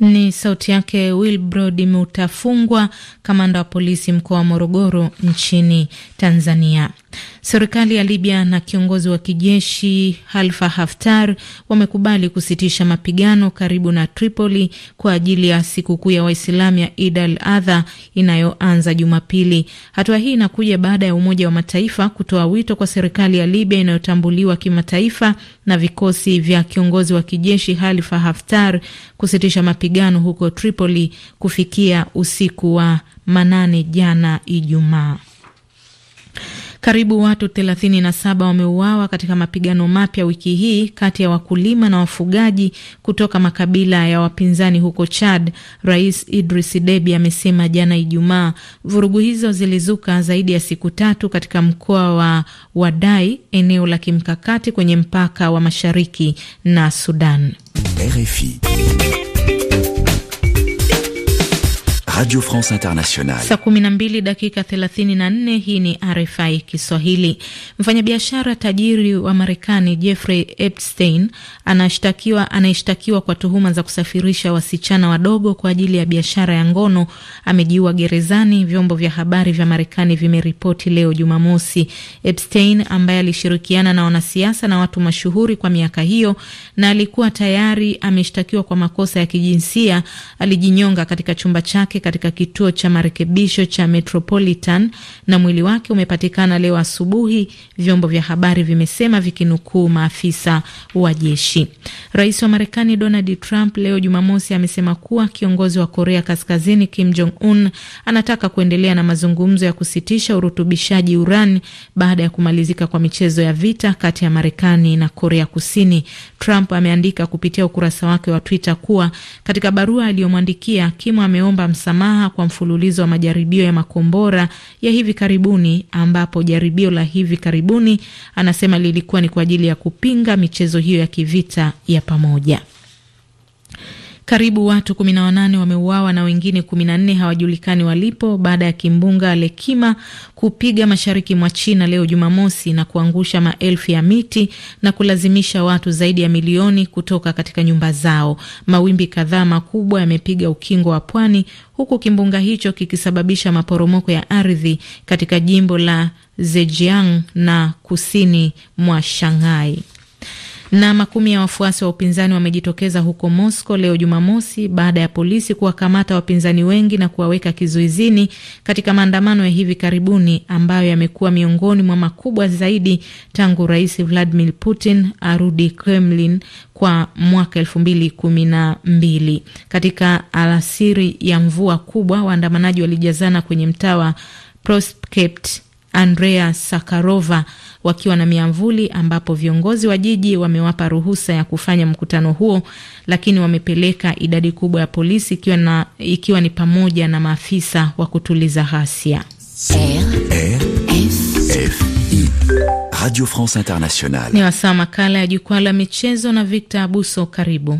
Ni sauti yake Wilbrod Mutafungwa, kamanda wa polisi mkoa wa Morogoro nchini Tanzania. Serikali ya Libya na kiongozi wa kijeshi halfa Haftar wamekubali kusitisha mapigano karibu na Tripoli kwa ajili ya sikukuu ya Waislamu ya id al-Adha inayoanza Jumapili. Hatua hii inakuja baada ya Umoja wa Mataifa kutoa wito kwa serikali ya Libya inayotambuliwa kimataifa na vikosi vya kiongozi wa kijeshi halfa Haftar kusitisha mapigano huko Tripoli kufikia usiku wa manane jana Ijumaa. Karibu watu 37 wameuawa katika mapigano mapya wiki hii kati ya wakulima na wafugaji kutoka makabila ya wapinzani huko Chad, Rais Idris Deby amesema jana Ijumaa. Vurugu hizo zilizuka zaidi ya siku tatu katika mkoa wa Wadai, eneo la kimkakati kwenye mpaka wa mashariki na Sudan. RFI. Radio France Internationale. Saa 12 dakika 34. Hii ni RFI Kiswahili. Mfanyabiashara tajiri wa Marekani Jeffrey Epstein anashtakiwa anayeshtakiwa kwa tuhuma za kusafirisha wasichana wadogo kwa ajili ya biashara ya ngono amejiua gerezani, vyombo vya habari vya Marekani vimeripoti leo Jumamosi. Epstein ambaye alishirikiana na wanasiasa na watu mashuhuri kwa miaka hiyo na alikuwa tayari ameshtakiwa kwa makosa ya kijinsia alijinyonga katika chumba chake katika kituo cha marekebisho cha Metropolitan na mwili wake umepatikana leo asubuhi, vyombo vya habari vimesema vikinukuu maafisa wa jeshi. Rais wa Marekani Donald Trump leo Jumamosi amesema kuwa kiongozi wa Korea Kaskazini Kim Jong Un anataka kuendelea na mazungumzo ya kusitisha urutubishaji urani baada ya kumalizika kwa michezo ya vita kati ya Marekani na Korea Kusini. Trump ameandika kupitia ukurasa wake wa Twitter kuwa katika barua aliyomwandikia Kim ameomba msamaha msamaha kwa mfululizo wa majaribio ya makombora ya hivi karibuni, ambapo jaribio la hivi karibuni anasema lilikuwa ni kwa ajili ya kupinga michezo hiyo ya kivita ya pamoja. Karibu watu 18 wameuawa na wengine 14 hawajulikani walipo baada ya kimbunga Lekima kupiga mashariki mwa China leo Jumamosi na kuangusha maelfu ya miti na kulazimisha watu zaidi ya milioni kutoka katika nyumba zao. Mawimbi kadhaa makubwa yamepiga ukingo wa pwani huku kimbunga hicho kikisababisha maporomoko ya ardhi katika jimbo la Zhejiang na kusini mwa Shanghai. Na makumi ya wafuasi wa upinzani wamejitokeza huko Moscow leo Jumamosi baada ya polisi kuwakamata wapinzani wengi na kuwaweka kizuizini katika maandamano ya hivi karibuni ambayo yamekuwa miongoni mwa makubwa zaidi tangu Rais Vladimir Putin arudi Kremlin kwa mwaka elfu mbili kumi na mbili. Katika alasiri ya mvua kubwa, waandamanaji walijazana kwenye mtaa wa Prospekt Andrea Sakarova wakiwa na miamvuli, ambapo viongozi wa jiji wamewapa ruhusa ya kufanya mkutano huo, lakini wamepeleka idadi kubwa ya polisi ikiwa, na, ikiwa ni pamoja na maafisa wa kutuliza ghasia. Radio France Internationale. Ni wasaa makala ya jukwaa la michezo na Victor Abuso, karibu.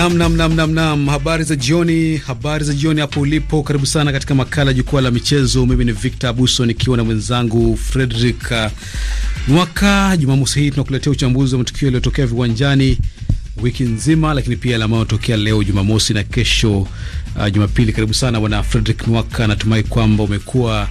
Nam, nam, nam, nam, nam. Habari za jioni, habari za jioni hapo ulipo, karibu sana katika makala jukwaa la michezo. Mimi ni Victor Abuso nikiwa na mwenzangu Frederick Mwaka. Uh, Jumamosi hii tunakuletea uchambuzi wa matukio yaliyotokea viwanjani wiki nzima, lakini pia yanayotokea leo Jumamosi na kesho uh, Jumapili. Karibu sana bwana Frederick Mwaka, natumai kwamba umekuwa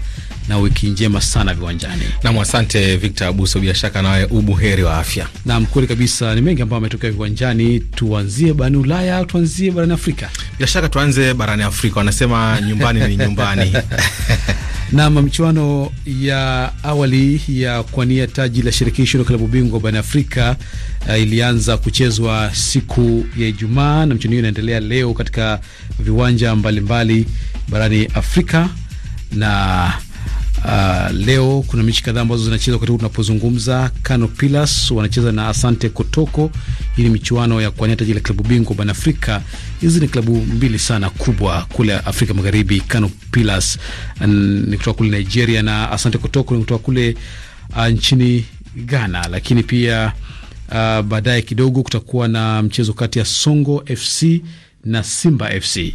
na wiki njema sana viwanjani. Nam, asante Victor Abuso, bila shaka nawe ubuheri wa afya. Nam, kweli kabisa, ni mengi ambayo ametokea viwanjani. Tuanzie barani Ulaya au tuanzie barani Afrika? Bila shaka tuanze barani Afrika, wanasema nyumbani ni nyumbani. Nam, michuano ya awali ya kuania taji la shirikisho la klabu bingwa barani Afrika uh, ilianza kuchezwa siku ya Ijumaa na michuano hiyo inaendelea leo katika viwanja mbalimbali mbali barani Afrika na Uh, leo kuna mechi kadhaa ambazo zinachezwa wakati tunapozungumza. Kano Pillars wanacheza na Asante Kotoko. Hii ni michuano ya kuwania taji la klabu bingwa barani Afrika. Hizi ni klabu mbili sana kubwa kule Afrika Magharibi. Kano Pillars ni kutoka kule Nigeria na Asante Kotoko ni kutoka kule uh, nchini Ghana, lakini pia uh, baadaye kidogo kutakuwa na mchezo kati ya Songo FC na Simba FC.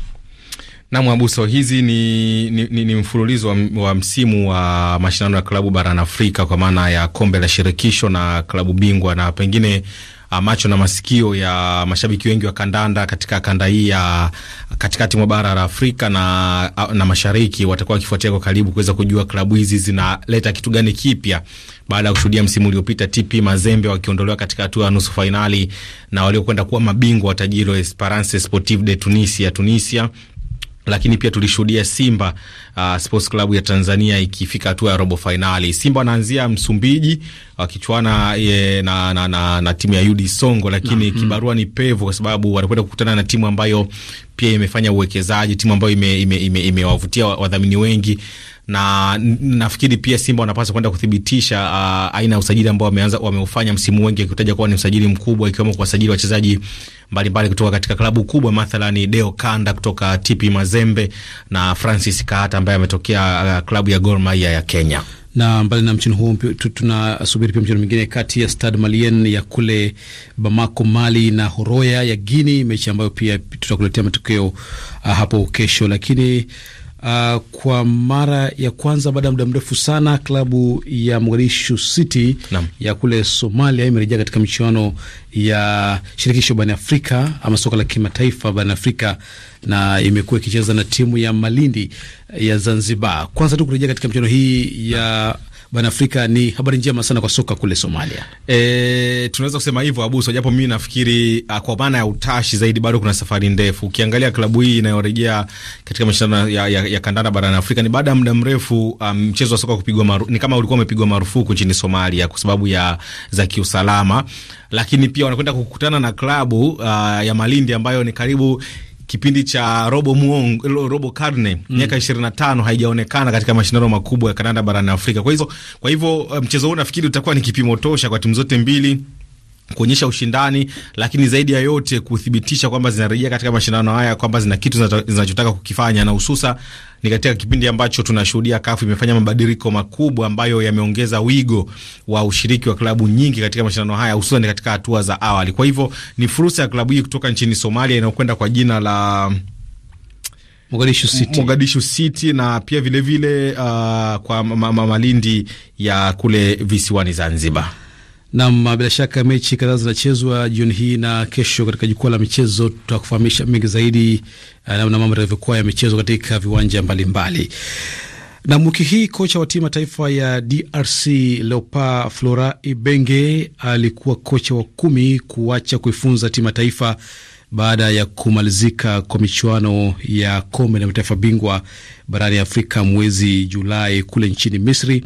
Nam Abuso, hizi ni, ni, ni, ni mfululizo wa, wa msimu wa mashindano ya klabu barani Afrika kwa maana ya kombe la shirikisho na klabu bingwa na pengine ah, macho na masikio ya mashabiki wengi wa kandanda katika kanda hii ya katikati mwa bara la Afrika na, ah, na mashariki watakuwa wakifuatia kwa karibu kuweza kujua klabu hizi zinaleta kitu gani kipya baada ya kushuhudia msimu uliopita TP Mazembe wakiondolewa katika hatua ya nusu fainali na waliokwenda kuwa mabingwa watajiri wa Esperance Sportive de Tunisia Tunisia lakini pia tulishuhudia Simba uh, Sports Club ya Tanzania ikifika hatua ya robo fainali. Simba wanaanzia Msumbiji wakichuana ye, eh, na, na, na, na timu ya UD Songo, lakini na, mhm. kibarua ni pevu, kwa sababu wanakwenda kukutana na timu ambayo pia imefanya uwekezaji, timu ambayo imewavutia ime, ime wadhamini wengi na nafikiri pia Simba wanapaswa kwenda kuthibitisha uh, aina ya usajili ambao wameanza wameufanya msimu wengi, akitaja kuwa ni usajili mkubwa, ikiwemo kuwasajili wachezaji mbalimbali kutoka katika klabu kubwa, mathalani Deo Kanda kutoka TP Mazembe na Francis Kahata ambaye ametokea uh, klabu ya Gor Mahia ya Kenya na mbali na mchino huo tunasubiri pia mchino mwingine kati ya Stade Malien ya kule Bamako, Mali na Horoya ya guini mechi ambayo pia tutakuletea matokeo uh, hapo kesho, lakini Uh, kwa mara ya kwanza baada ya muda mrefu sana klabu ya Mogadishu City Naam. ya kule Somalia imerejea katika michuano ya shirikisho barani Afrika ama soka la kimataifa barani Afrika na imekuwa ikicheza na timu ya Malindi ya Zanzibar. Kwanza tu kurejea katika michuano hii ya barani Afrika ni habari njema sana kwa soka kule Somalia. E, tunaweza kusema hivyo Abuso, japo mimi nafikiri ah, kwa maana ya utashi zaidi bado kuna safari ndefu. Ukiangalia klabu hii inayorejea katika mashindano ya, ya, ya kandanda barani Afrika ni baada ya muda mrefu ah, mchezo um, wa soka kupigwa maru, ni kama ulikuwa umepigwa marufuku nchini Somalia kwa sababu ya za kiusalama, lakini pia wanakwenda kukutana na klabu uh, ya Malindi ambayo ni karibu kipindi cha robo muong, robo karne mm. miaka mm. 25 haijaonekana katika mashindano makubwa ya Kanada barani Afrika. Kwa hizo kwa hivyo eh, mchezo huu nafikiri utakuwa ni kipimo tosha kwa timu zote mbili kuonyesha ushindani, lakini zaidi ya yote kuthibitisha kwamba zinarejea katika mashindano haya kwamba zina kitu zinachotaka kukifanya na hususa ni katika kipindi ambacho tunashuhudia kafu imefanya mabadiliko makubwa ambayo yameongeza wigo wa ushiriki wa klabu nyingi katika mashindano haya hususan katika hatua za awali. Kwa hivyo ni fursa ya klabu hii kutoka nchini Somalia inayokwenda kwa jina la Mogadishu City. Mogadishu City na pia vilevile vile, uh, kwa ma ma malindi ya kule visiwani Zanzibar. Nam, bila shaka mechi kadhaa zinachezwa jioni hii na kesho katika jukwaa la michezo. Tutakufahamisha mengi zaidi eh, namna mambo yalivyokuwa michezo katika viwanja mbalimbali. Na wiki hii kocha wa timu ya taifa ya DRC Leopards Flora Ibenge alikuwa kocha wa kumi kuacha kuifunza timu ya taifa baada ya kumalizika kwa michuano ya kombe la mataifa bingwa barani Afrika mwezi Julai kule nchini Misri.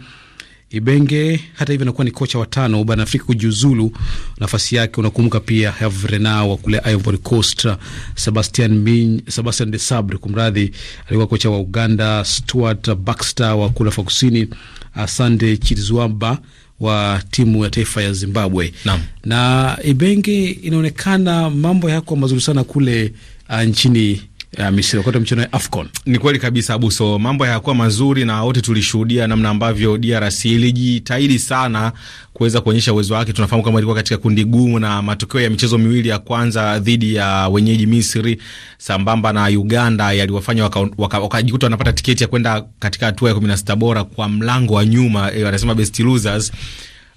Ibenge hata hivyo anakuwa ni kocha wa tano barani Afrika kujiuzulu nafasi yake. Unakumbuka pia Herve Renard wa kule Ivory Coast, Sebastian Min, Sebastian de Sabre kumradhi, alikuwa kocha wa Uganda, Stuart Baxter wa kule Afrika Kusini, Asante Chizwamba wa timu ya taifa ya Zimbabwe na, na Ibenge, inaonekana mambo yako mazuri sana kule uh, nchini ya Misri wakati mchezo wa AFCON. Ni kweli kabisa Abuso, mambo hayakuwa mazuri na wote tulishuhudia namna ambavyo DRC ilijitahidi sana kuweza kuonyesha uwezo wake. Tunafahamu kama ilikuwa katika kundi gumu, na matokeo ya michezo miwili ya kwanza dhidi ya wenyeji Misri sambamba na Uganda yaliwafanya wakajikuta waka, waka wanapata tiketi ya kwenda katika hatua ya 16 bora kwa mlango wa nyuma, eh, wanasema best losers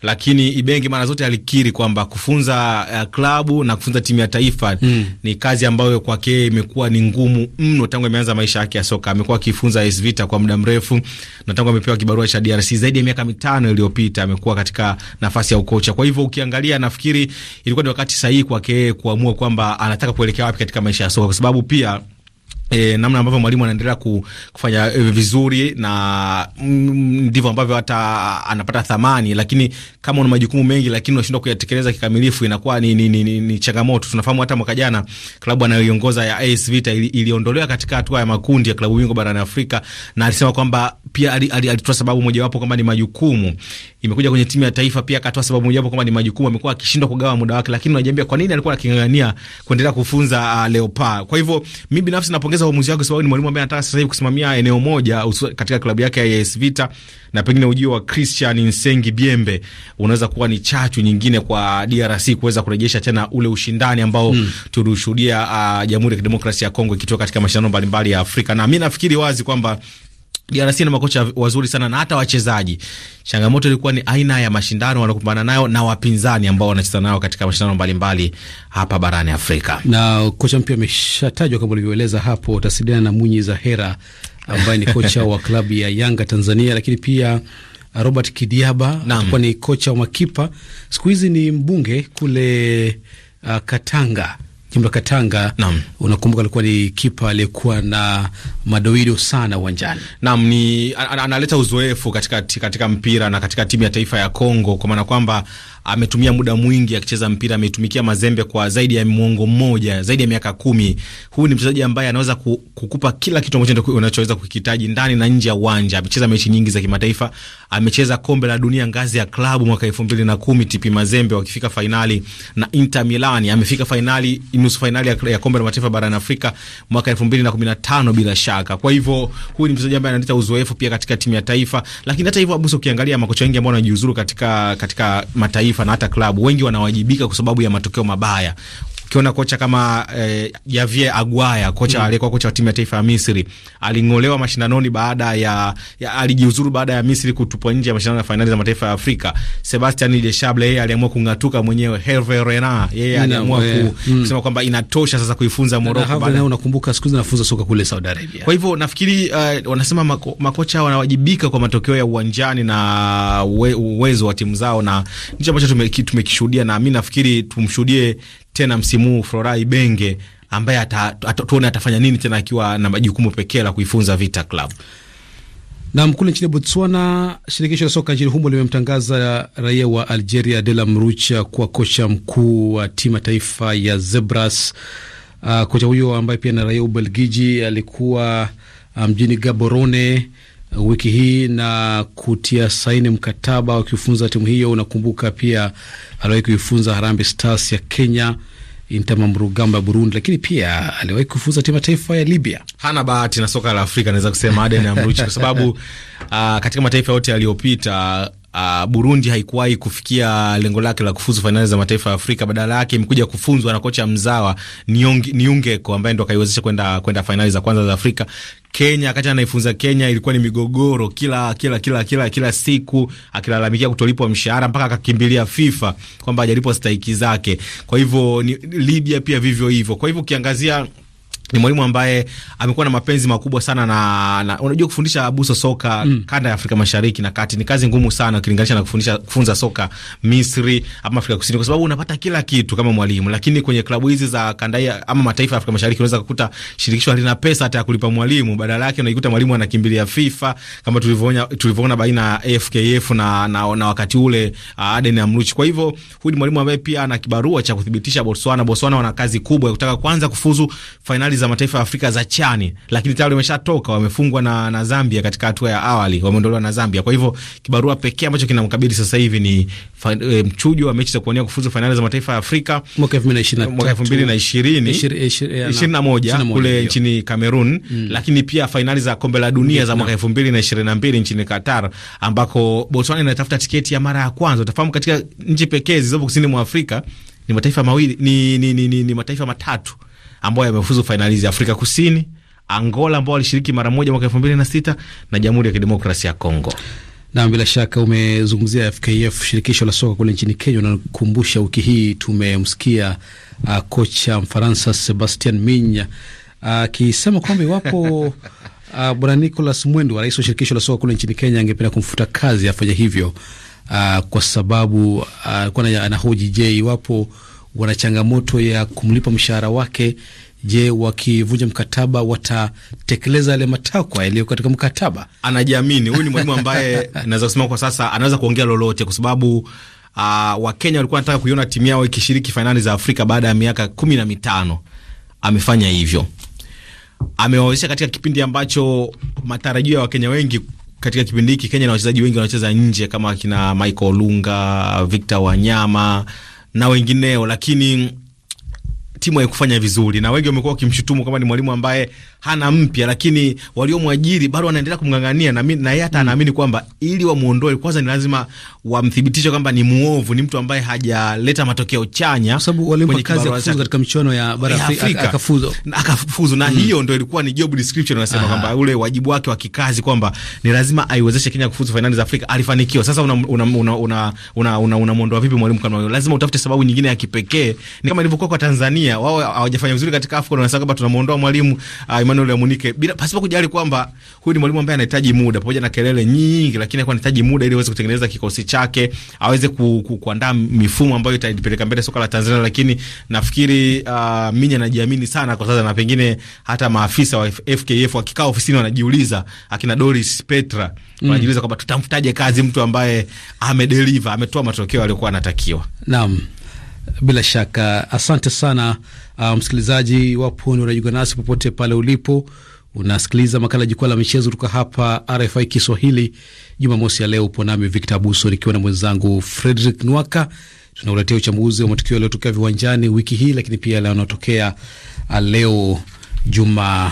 lakini Ibenge mara zote alikiri kwamba kufunza uh, klabu na kufunza timu ya taifa mm. ni kazi ambayo kwake imekuwa ni ngumu mno tangu ameanza maisha yake ya soka. Amekuwa akifunza AS Vita kwa muda mrefu na tangu amepewa kibarua cha DRC zaidi ya miaka mitano iliyopita amekuwa katika nafasi ya ukocha. Kwa hivyo ukiangalia, nafikiri ilikuwa ni wakati sahihi kwake kuamua kwamba anataka kuelekea wapi katika maisha ya soka, kwa sababu pia E, namna ambavyo mwalimu anaendelea kufanya e, vizuri na mm, ndivyo ambavyo hata anapata thamani, lakini kama una majukumu mengi lakini unashindwa kuyatekeleza kikamilifu, inakuwa ni, ni, ni, ni, ni changamoto. Tunafahamu hata mwaka jana klabu anayoiongoza ya AS Vita ili, iliondolewa katika hatua ya makundi ya klabu bingwa barani Afrika, na alisema kwamba pia alitoa ali, ali, ali sababu mojawapo kwamba ni majukumu. Imekuja kwenye timu ya taifa pia akatoa sababu mojawapo kwamba ni majukumu, amekuwa akishindwa kugawa muda wake, lakini unajiambia kwa nini alikuwa aking'ang'ania kuendelea kufunza uh, Leopard. Kwa hivyo mimi binafsi napongeza uamuzi wake, sababu ni mwalimu ambaye anataka sasa hivi kusimamia eneo moja katika klabu yake ya AS Vita na pengine ujio wa Christian Nsengi Biembe unaweza kuwa ni chachu nyingine kwa DRC kuweza kurejesha tena ule ushindani ambao mm. tulishuhudia uh, Jamhuri ya Kidemokrasia ya Kongo ikitoka katika mashindano mbalimbali ya Afrika, na mi nafikiri wazi kwamba DRC na makocha wazuri sana na hata wachezaji. Changamoto ilikuwa ni aina ya mashindano wanakumbana nayo na wapinzani ambao wanacheza nao katika mashindano mbalimbali hapa barani Afrika. Na kocha mpya ameshatajwa kama ulivyoeleza hapo, utasidiana na Munyi Zahera ambaye ni kocha wa klabu ya Yanga Tanzania, lakini pia Uh, Robert Kidiaba alikuwa ni kocha wa makipa, siku hizi ni mbunge kule uh, Katanga jimbo la Katanga. Naam. Unakumbuka alikuwa ni kipa aliyekuwa na madoido sana uwanjani. Naam, ni analeta uzoefu katika, katika mpira na katika timu ya taifa ya Kongo kwa maana kwamba ametumia muda mwingi akicheza mpira, ametumikia Mazembe kwa zaidi ya mwongo mmoja, zaidi ya miaka kumi. Huyu ni mchezaji ambaye anaweza kukupa kila kitu ambacho unachoweza kukihitaji ndani na nje ya uwanja. Amecheza mechi nyingi za kimataifa, amecheza kombe la dunia ngazi ya klabu mwaka elfu mbili na kumi TP Mazembe wakifika fainali na Inter Milani. Amefika fainali, nusu fainali ya, kombe la mataifa barani Afrika mwaka elfu mbili na kumi na tano bila shaka. Kwa hivyo huyu ni mchezaji ambaye analeta uzoefu pia katika timu ya taifa, lakini hata hivyo, Abuso, ukiangalia makocha wengi ambao wanajiuzuru katika katika mataifa taifa na hata klabu wengi wanawajibika kwa sababu ya matokeo mabaya ukiona kocha kama eh, Javier Aguaya kocha mm. aliyekuwa kocha wa timu ya taifa ya Misri aling'olewa mashindanoni baada ya, ya alijiuzuru baada ya Misri kutupwa nje ya mashindano ya fainali za mataifa ya Afrika. Sebastian Deschamps yeye aliamua kung'atuka mwenyewe. Herve Renard yeye aliamua yeah, ku, mm. kusema kwamba inatosha sasa kuifunza Morocco baada ya unakumbuka siku zinafunza soka kule Saudi Arabia. Kwa hivyo nafikiri uh, wanasema mako, makocha wanawajibika kwa matokeo ya uwanjani na uwezo we, wa timu zao na ndicho ambacho tumekishuhudia tume, na mimi nafikiri tumshuhudie tena msimu huu Florai Benge ambaye ata, ata, tuone atafanya nini tena akiwa na majukumu pekee la kuifunza Vita Club. Nam kule nchini Botswana, shirikisho la soka nchini humo limemtangaza raia wa Algeria Dela Mrucha kuwa kocha mkuu wa timu ya taifa ya Zebras. Uh, kocha huyo ambaye pia na raia Ubelgiji alikuwa ah, mjini um, Gaborone wiki hii na kutia saini mkataba wa kuifunza timu hiyo. Unakumbuka pia aliwahi kuifunza Harambee Stars ya Kenya, Intama ya Burundi, lakini pia aliwahi kufunza timu ya taifa ya Libya. Hana bahati na soka la Afrika, naweza kusema Aden Amruchi kwa sababu uh, katika mataifa yote yaliyopita Uh, Burundi haikuwahi kufikia lengo lake la kufuzu fainali za mataifa ya Afrika. Badala yake imekuja kufunzwa na kocha mzawa Niungeko ambaye ndo akaiwezesha kwenda kwenda fainali za kwanza za Afrika. Kenya akati anaifunza Kenya ilikuwa ni migogoro kila kila kila kila kila siku, akilalamikia kutolipwa mshahara mpaka akakimbilia FIFA kwamba hajalipwa stahiki zake. Kwa hivyo Libya pia vivyo hivyo. Kwa hivyo ukiangazia ni mwalimu ambaye amekuwa na mapenzi makubwa sana na, na unajua kufundisha Abuso soka mm. kanda ya Afrika Mashariki na Kati ni kazi ngumu sana ukilinganisha na kufundisha kufunza soka Misri ama Afrika Kusini, kwa sababu unapata kila kitu kama mwalimu, lakini kwenye klabu hizi za kanda hii ama mataifa ya Afrika Mashariki unaweza kukuta shirikisho halina pesa hata ya kulipa mwalimu, badala yake unaikuta mwalimu anakimbilia FIFA kama tulivyoona tulivyoona baina ya FKF na, na, na wakati ule uh, Aden Amruchi. Kwa hivyo huyu ni mwalimu ambaye pia ana kibarua cha kuthibitisha Botswana. Botswana wana kazi kubwa ya kutaka kwanza kufuzu fainali za mataifa ya Afrika za chani, lakini tayari wameshatoka, wamefungwa na, na Zambia katika hatua ya awali, wameondolewa na Zambia. Kwa hivyo kibarua pekee ambacho kinamkabili sasa hivi ni e, mchujo wa mechi za kuwania kufuzu fainali za mataifa ya Afrika mwaka na 2021 kule nchini Cameroon, mm. lakini pia fainali za kombe la dunia za mwaka 2022 nchini Qatar ambako Botswana inatafuta tiketi ya mara ya kwanza. Utafahamu katika nchi pekee zilizopo kusini mwa Afrika ni mataifa mawili ni, ni, ni, ni, ni mataifa matatu ambayo yamefuzu fainali za Afrika Kusini, Angola ambao walishiriki mara moja mwaka elfu mbili na sita na Jamhuri ya Kidemokrasia ya Kongo. Nam, bila shaka umezungumzia FKF, shirikisho la soka kule nchini Kenya. Unakumbusha wiki hii tumemsikia uh, kocha Mfaransa Sebastian Minya uh, akisema uh, kwamba iwapo uh, bwana Nicolas Mwendo, rais wa shirikisho la soka kule nchini Kenya, angependa kumfuta kazi afanye hivyo, uh, kwa sababu uh, alikuwa uh, anahoji je, iwapo wana changamoto ya kumlipa mshahara wake. Je, wakivunja mkataba watatekeleza yale matakwa yaliyo katika mkataba? Anajiamini huyu ni mwalimu ambaye naweza kusema kwa sasa anaweza kuongea lolote, kwa sababu uh, Wakenya walikuwa wanataka kuiona timu yao ikishiriki fainali za Afrika baada ya miaka kumi na mitano. Amefanya hivyo, amewawezesha katika kipindi ambacho matarajio ya Wakenya wengi katika kipindi hiki Kenya na wachezaji wengi wanacheza nje kama kina Michael Olunga, Victor Wanyama na wengineo, lakini timu haikufanya vizuri, na wengi wamekuwa wakimshutumu kama ni mwalimu ambaye hana mpya, lakini waliomwajiri bado wanaendelea kumng'ang'ania, na na yeye hata mm. anaamini kwamba ili wamuondoe, kwanza ni lazima wamthibitishe kwamba ni muovu, ni mtu ambaye hajaleta matokeo chanya, kwa sababu walimpa kazi ya kufuzu katika michuano ya bara eh, Afrika akafuzu akafuzu, na mm. hiyo ndio ilikuwa ni job description, wanasema kwamba ule wajibu wake wa kikazi kwamba ni lazima aiwezeshe Kenya kufuzu fainali za Afrika. Alifanikiwa. Sasa una una una una, una, una, una mwondoa vipi mwalimu kama? Lazima utafute sababu nyingine ya kipekee, ni kama ilivyokuwa kwa Tanzania Tanzania wao hawajafanya vizuri katika AFCON, wanasema kwamba tunamuondoa mwalimu uh, Emmanuel Amunike bila pasipo kujali kwamba huyu ni mwalimu ambaye anahitaji muda pamoja na kelele nyingi, lakini alikuwa anahitaji muda ili aweze kutengeneza kikosi chake, aweze ku, ku, kuandaa mifumo ambayo itaipeleka mbele soka la Tanzania. Lakini nafikiri uh, Minya anajiamini sana kwa sasa, na pengine hata maafisa wa FKF wakikaa ofisini wanajiuliza, akina Doris Petra mm. wanajiuliza mm, kwamba tutamfutaje kazi mtu ambaye amedeliver ametoa matokeo aliyokuwa anatakiwa. Naam. Bila shaka asante sana uh, msikilizaji wapo ni unajiunga nasi popote pale ulipo unasikiliza makala jukwaa la michezo kutoka hapa RFI Kiswahili. Jumamosi ya leo upo nami Victor Buso nikiwa na mwenzangu Fredrick Nwaka. Tunauletea uchambuzi wa matukio yaliyotokea viwanjani wiki hii, lakini pia yale yanayotokea uh, leo juma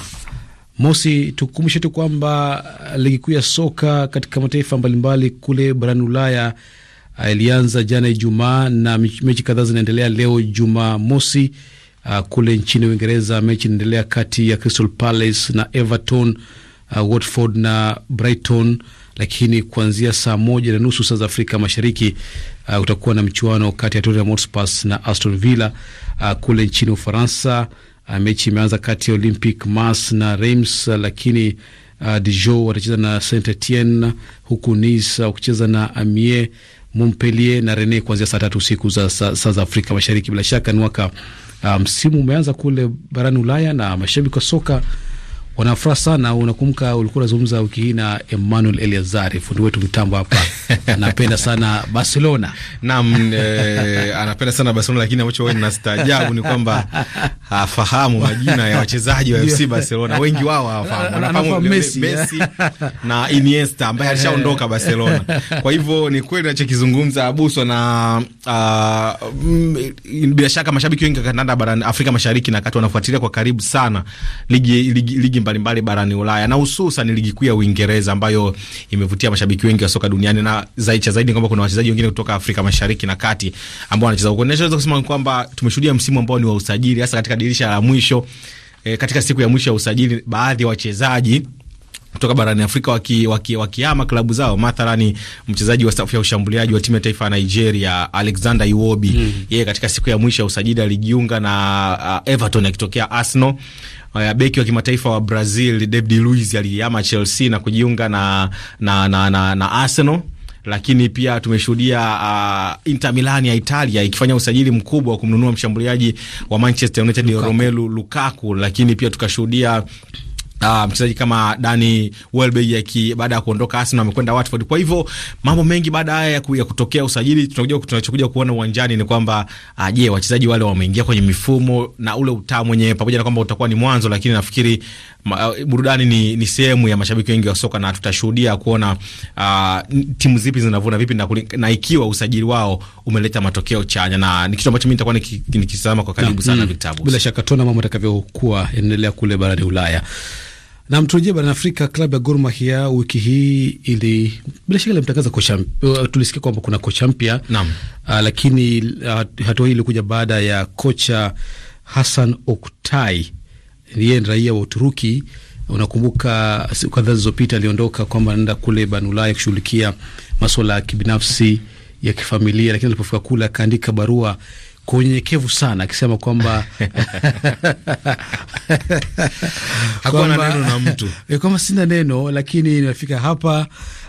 mosi. Tukumbushe tu kwamba uh, ligi kuu ya soka katika mataifa mbalimbali kule barani Ulaya ilianza jana Ijumaa na mechi kadhaa zinaendelea leo Jumamosi. Uh, kule nchini Uingereza mechi inaendelea kati ya Crystal Palace na Everton, uh, Watford na Brighton, lakini kuanzia saa moja na nusu saa za Afrika Mashariki uh, utakuwa na mchuano kati ya Tottenham Hotspur na Aston Villa. Uh, kule nchini Ufaransa uh, mechi imeanza kati ya Olympic Mas na Reims, uh, lakini uh, Dijon watacheza na Saint Etienne, huku Nice uh, wakicheza uh, na Amiens Mumpelie na rene kuanzia saa tatu usiku za saa sa za Afrika Mashariki. Bila shaka ni mwaka ah, msimu um, umeanza kule barani Ulaya na mashabiki wa soka wanafuraha sana. Unakumbuka ulikuwa unazungumza wiki hii na Emmanuel Eliazari, fundi wetu mtambo hapa anapenda sana Barcelona nam e, eh, anapenda sana Barcelona, lakini ambacho nastaajabu ni kwamba hafahamu majina ya wachezaji wa FC Barcelona. Wengi wao hawafahamu, wanafahamu Messi na Iniesta ambaye alishaondoka Barcelona. Kwa hivyo ni kweli nachokizungumza Abuso na uh, bila shaka mashabiki wengi kandanda barani Afrika Mashariki na kati wanafuatilia kwa karibu sana ligi, ligi, ligi mbalimbali barani Ulaya na hususan ligi kuu ya Uingereza ambayo imevutia mashabiki wengi wa soka duniani na zaidi cha zaidi kwamba kuna wachezaji wengine kutoka Afrika Mashariki na Kati ambao wanacheza huko. Naweza kusema kwamba tumeshuhudia msimu ambao ni wa usajili hasa katika dirisha la mwisho. E, katika siku ya mwisho ya usajili baadhi ya wa wachezaji kutoka barani Afrika wakiama waki, waki klabu zao. Mathalani mchezaji wa safu ya ushambuliaji wa timu ya taifa ya Nigeria Alexander Iwobi, mm. yeye katika siku ya mwisho ya usajili alijiunga na uh, Everton akitokea Arsenal ya eh, beki wa kimataifa wa Brazil David Luiz aliama Chelsea na kujiunga na, na, na, na, na Arsenal lakini pia tumeshuhudia uh, Inter Milan ya Italia ikifanya usajili mkubwa wa kumnunua mshambuliaji wa Manchester United Lukaku, Romelu Lukaku, lakini pia tukashuhudia Uh, mchezaji kama Dani Welbeck baada ya kuondoka Arsenal amekwenda Watford. Kwa hivyo mambo mengi baada ya, ku, ya kutokea usajili, tunakuja tunachokuja kuona uwanjani ni kwamba uh, wachezaji wale wameingia kwenye mifumo na ule utamu mwenye pamoja na kwamba utakuwa ni mwanzo, lakini nafikiri uh, burudani ni, ni sehemu ya mashabiki wengi wa soka na tutashuhudia kuona uh, timu zipi zinavuna vipi na, kuli, na ikiwa usajili wao umeleta matokeo chanya, na ni kitu ambacho mimi nitakuwa nikitazama kwa karibu sana. mm, Vitabu bila shaka tuna mambo yatakavyokuwa endelea kule barani Ulaya. Na mturejia barani Afrika, klabu ya Gor Mahia wiki hii ili bila shaka ilimtangaza kocha uh, tulisikia kwamba kuna kocha mpya uh, lakini uh, hatua hii ilikuja baada ya kocha Hassan Oktay, yeye ni raia wa Uturuki. Unakumbuka siku kadhaa zilizopita aliondoka kwamba anaenda kule barani Ulaya kushughulikia maswala ya kibinafsi ya kifamilia, lakini alipofika kule akaandika barua kwa unyenyekevu sana akisema kwamba neno na mtu eh, kwamba sina neno, lakini nimefika hapa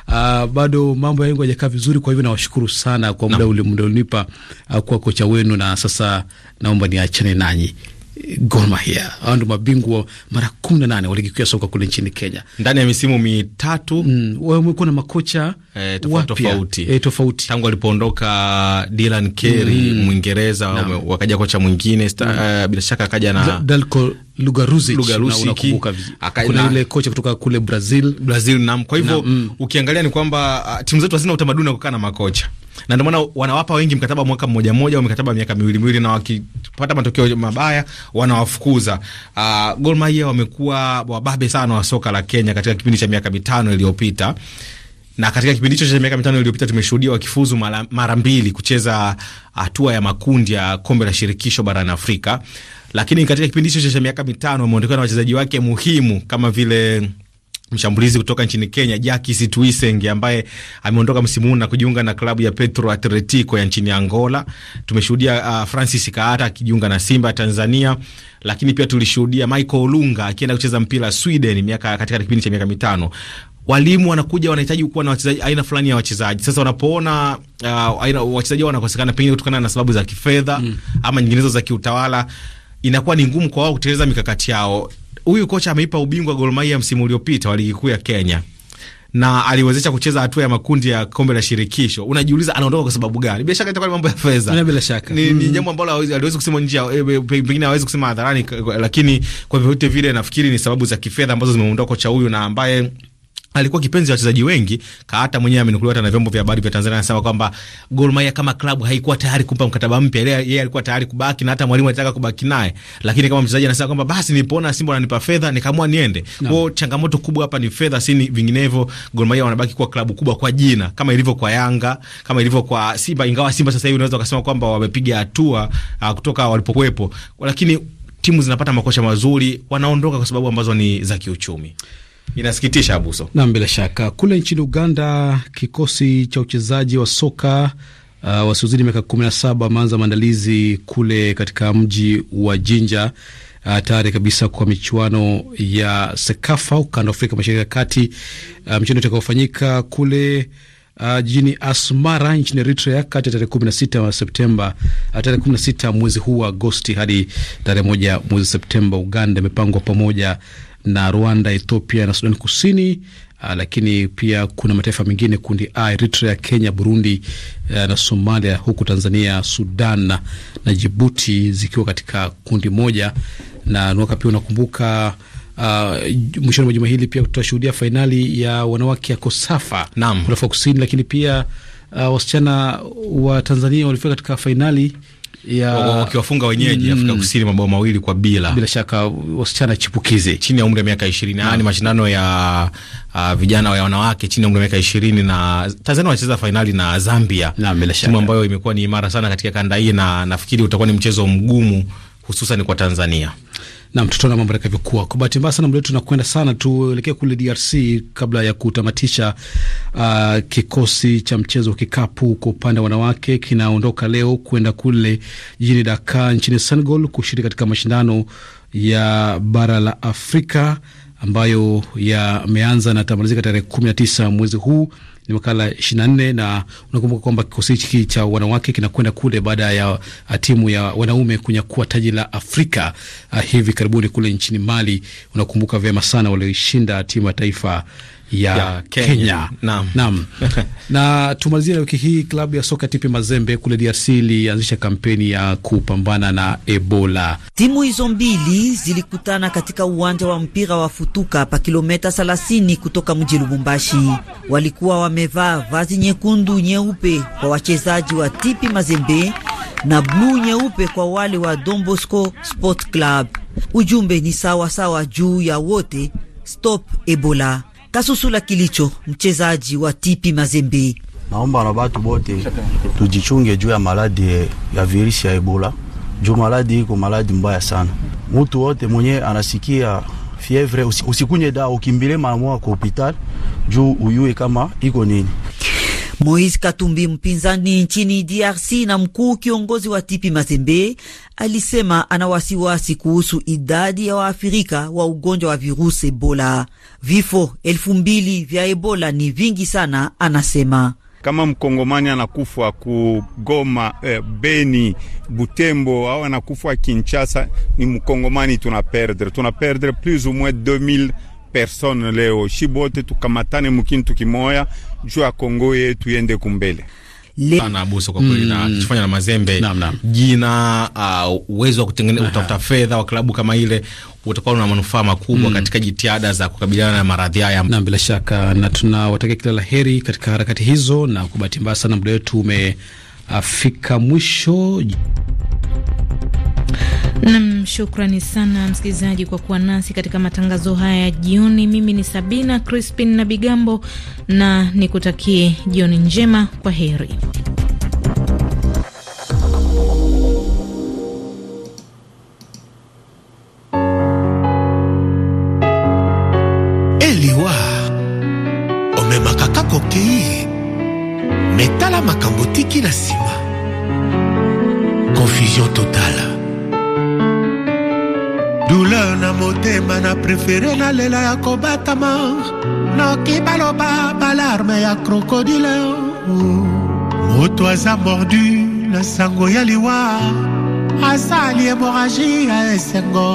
uh, bado mambo yangu hajakaa vizuri. Kwa hivyo nawashukuru sana kwa muda ulionipa uh, ah, kuwa kocha wenu, na sasa naomba niachane nanyi. Gor Mahia. ndio mabingwa mara kumi wa ligi kuu ya soka kule nchini Kenya ndani ya misimu mitatu. Mm, wamekuwa na makocha e, tofauti tofauti, eh, e, tofauti tangu alipoondoka Dylan Kerry mm. Mwingereza mm, wakaja kocha mwingine mm, uh, bila shaka akaja na da, kuna kocha kutoka kule Brazil Brazil nam. Kwa hivyo mm, ukiangalia ni kwamba uh, timu zetu hazina utamaduni wa kukaa na makocha na ndio maana wanawapa wengi mkataba mwaka mmoja mmoja au mkataba miaka miwili miwili, na wakipata matokeo mabaya wanawafukuza. Uh, Gor Mahia wamekuwa wababe sana wa soka la Kenya katika kipindi cha miaka mitano iliyopita na katika kipindi hicho cha miaka mitano iliyopita tumeshuhudia wakifuzu mara mara mbili kucheza hatua ya makundi ya kombe la shirikisho barani Afrika, lakini katika kipindi hicho cha miaka mitano wameondokana na wachezaji wake muhimu kama vile mshambulizi kutoka nchini Kenya Jaki Situisenge ambaye ameondoka msimu huu na kujiunga na klabu ya Petro Atletico ya nchini Angola. Tumeshuhudia uh, Francis Kaata akijiunga na Simba ya Tanzania, lakini pia tulishuhudia Michael Olunga akienda kucheza mpira Sweden miaka katika kipindi cha miaka mitano. Walimu wanakuja wanahitaji kuwa na wachezaji aina fulani ya wachezaji. Sasa wanapoona uh, aina wachezaji wanakosekana pengine kutokana na sababu za kifedha mm, ama nyinginezo za kiutawala, inakuwa ni ngumu kwa wao kutekeleza mikakati yao huyu kocha ameipa ubingwa Gor Mahia msimu uliopita wa ligi kuu ya Kenya na aliwezesha kucheza hatua ya makundi ya kombe la shirikisho. Unajiuliza anaondoka kwa sababu gani? Bila shaka itakuwa ni mambo ya fedha, bila shaka ni, mm. ni mm-hmm. jambo ambalo aliwezi kusema nje, eh, pengine hawezi kusema hadharani, lakini kwa vyovyote vile nafikiri ni sababu za kifedha ambazo zimeondoa kocha huyu na ambaye alikuwa kipenzi wa wachezaji wengi, hata mwenyewe amenukuliwa hata na vyombo vya habari vya Tanzania, anasema kwamba Gor Mahia kama klabu haikuwa tayari kumpa mkataba mpya. Yeye alikuwa tayari kubaki na hata mwalimu alitaka kubaki naye, lakini kama mchezaji anasema kwamba basi, nilipoona Simba wananipa fedha nikaamua niende. Kwa Kwao changamoto kubwa hapa ni fedha, si vinginevyo Gor Mahia wanabaki kuwa klabu kubwa kwa jina, kama ilivyo kwa Yanga, kama ilivyo kwa Simba, ingawa Simba sasa hivi unaweza ukasema kwamba wamepiga hatua uh, kutoka walipokuwepo, lakini timu zinapata makocha mazuri, wanaondoka kwa sababu ambazo ni za kiuchumi. Inasikitisha Abuso. Naam, bila shaka. Kule nchini Uganda, kikosi cha uchezaji wa soka uh, wasiozidi miaka kumi na saba wameanza maandalizi kule katika mji wa Jinja uh, tayari kabisa kwa michuano ya SEKAFA ukanda Afrika mashariki ya kati uh, mchuano itakaofanyika kule Uh, jijini Asmara nchini Eritrea kati ya tarehe kumi na sita Septemba, uh, tarehe kumi na sita mwezi huu wa Agosti hadi tarehe moja mwezi Septemba. Uganda imepangwa pamoja na Rwanda, Ethiopia na Sudan Kusini. Uh, lakini pia kuna mataifa mengine kundi A, Eritrea, Kenya, Burundi uh, na Somalia, huku Tanzania, Sudan na Jibuti zikiwa katika kundi moja. Na nuaka pia unakumbuka Uh, mwishoni mwa juma hili pia tutashuhudia fainali ya wanawake ya Kosafa Afrika Kusini, lakini pia uh, wasichana wa Tanzania walifika katika fainali wakiwafunga wenyeji mm-hmm. Afrika Kusini mabao mawili kwa bila. Bila shaka wasichana chipukizi chini ya umri wa miaka ishirini na ni mashindano ya uh, vijana ya wanawake chini ya umri wa miaka ishirini na Tanzania wanacheza fainali na Zambia. Naam, Timu ambayo imekuwa ni imara sana katika kanda hii na nafikiri utakuwa ni mchezo mgumu hususan kwa Tanzania. Nam, tutaona mambo yatakavyokuwa. Kwa bahati mbaya sana muda wetu tunakwenda sana, tuelekee kule DRC kabla ya kutamatisha. Uh, kikosi cha mchezo wa kikapu kwa upande wa wanawake kinaondoka leo kwenda kule jijini Dakar nchini Senegal kushiriki katika mashindano ya bara la Afrika ambayo yameanza na tamalizika tarehe 19 mwezi huu ni makala 24 na unakumbuka kwamba kikosi hiki cha wanawake kinakwenda kule baada ya uh, timu ya wanaume kunyakua taji la Afrika uh, hivi karibuni kule nchini Mali. Unakumbuka vyema sana walioishinda timu ya taifa ya, ya Kenya, Kenya. Naam. Naam. na tumalizie na wiki hii klabu ya soka Tipi Mazembe kule DRC ilianzisha kampeni ya kupambana na Ebola. Timu hizo mbili zilikutana katika uwanja wa mpira wa Futuka pa kilometa 30 kutoka mji Lubumbashi. Walikuwa wamevaa vazi nyekundu nyeupe kwa wachezaji wa Tipi Mazembe na bluu nyeupe kwa wale wa Dombosco Sport Club. Ujumbe ni sawa sawa juu ya wote, stop Ebola. Kasusula Kilicho, mchezaji wa Tipi Mazembe: naomba na batu bote tujichunge juu ya maladi ya virusi ya Ebola, juu maladi iko maladi mbaya sana. Mutu wote mwenye anasikia fievre usikunye dawa, ukimbile mara moja kwa hospitali juu uyue kama iko nini. Moise Katumbi, mpinzani nchini DRC na mkuu kiongozi wa Tipi Mazembe, alisema ana wasiwasi kuhusu idadi ya waathirika wa ugonjwa wa virusi Ebola. Vifo elfu mbili vya Ebola ni vingi sana, anasema kama mkongomani anakufa kugoma eh, Beni, Butembo au anakufa Kinshasa, ni mkongomani tuna perdre tuna perdre plus ou moins 2000 personne leo, shibote tukamatane mukintu kimoya juu ya Kongo yetu yende kumbele sana abuso kwa kweli na mm. kifanya na mazembe nam, nam. Jina ah, uwezo uh, wa kutengeneza utafuta fedha wa klabu kama ile utakuwa na manufaa makubwa mm. katika jitihada za kukabiliana na maradhi haya, na bila shaka, na tunawatakia kila la heri katika harakati hizo, na kwa bahati mbaya sana muda wetu umefika mwisho. nam shukrani sana msikilizaji kwa kuwa nasi katika matangazo haya ya jioni. Mimi ni Sabina Crispin na Bigambo na nikutakie jioni njema. Kwa heri. Eliwa omemaka kokei metala makambo tiki na sima confusion totale douleur na motema na prefere nalela ya kobatama noki baloba balarme ya krokodile mordu la sango liwa asali ya esengo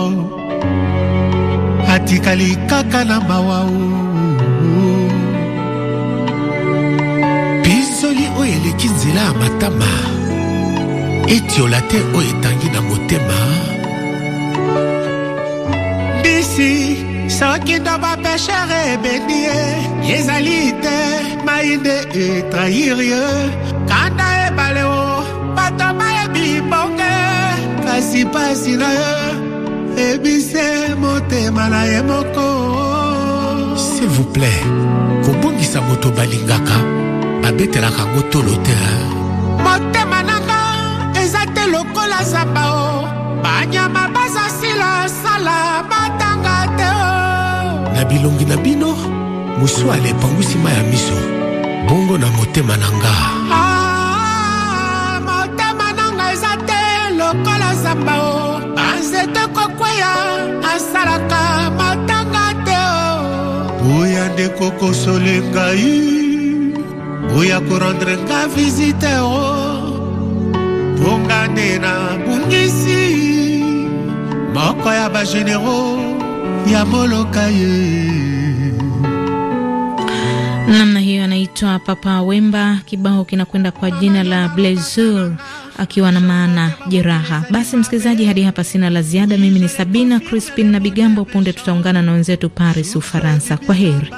atikali kaka na Pisoli matama etiola te oyo motema si soki ndoba peshere ebeni ye ezali te mai e etrahir ye kanda ebale o bato bayebi bonge kasi pasi na bi se motema na ye moko s'il vous plaît sa moto balingaka babetelaka yango tolo te motema nanga eza te lokola zamba o banyama bilongi na bino moswale epangwisi mai ya miso bongo na motema na nga ah, motema na nga eza te lokola zamba o banzete kokweya asalaka matanga te o oya nde kokosole ngai oya korendre nga visite o mponga nde na bungisi moko ya bageneraux ya boloka ye namna hiyo. Anaitwa Papa Wemba, kibao kinakwenda kwa jina la Blessure, akiwa na maana jeraha. Basi msikilizaji, hadi hapa sina la ziada. Mimi ni Sabina Crispin na Bigambo. Punde tutaungana na wenzetu Paris, Ufaransa. Kwa heri.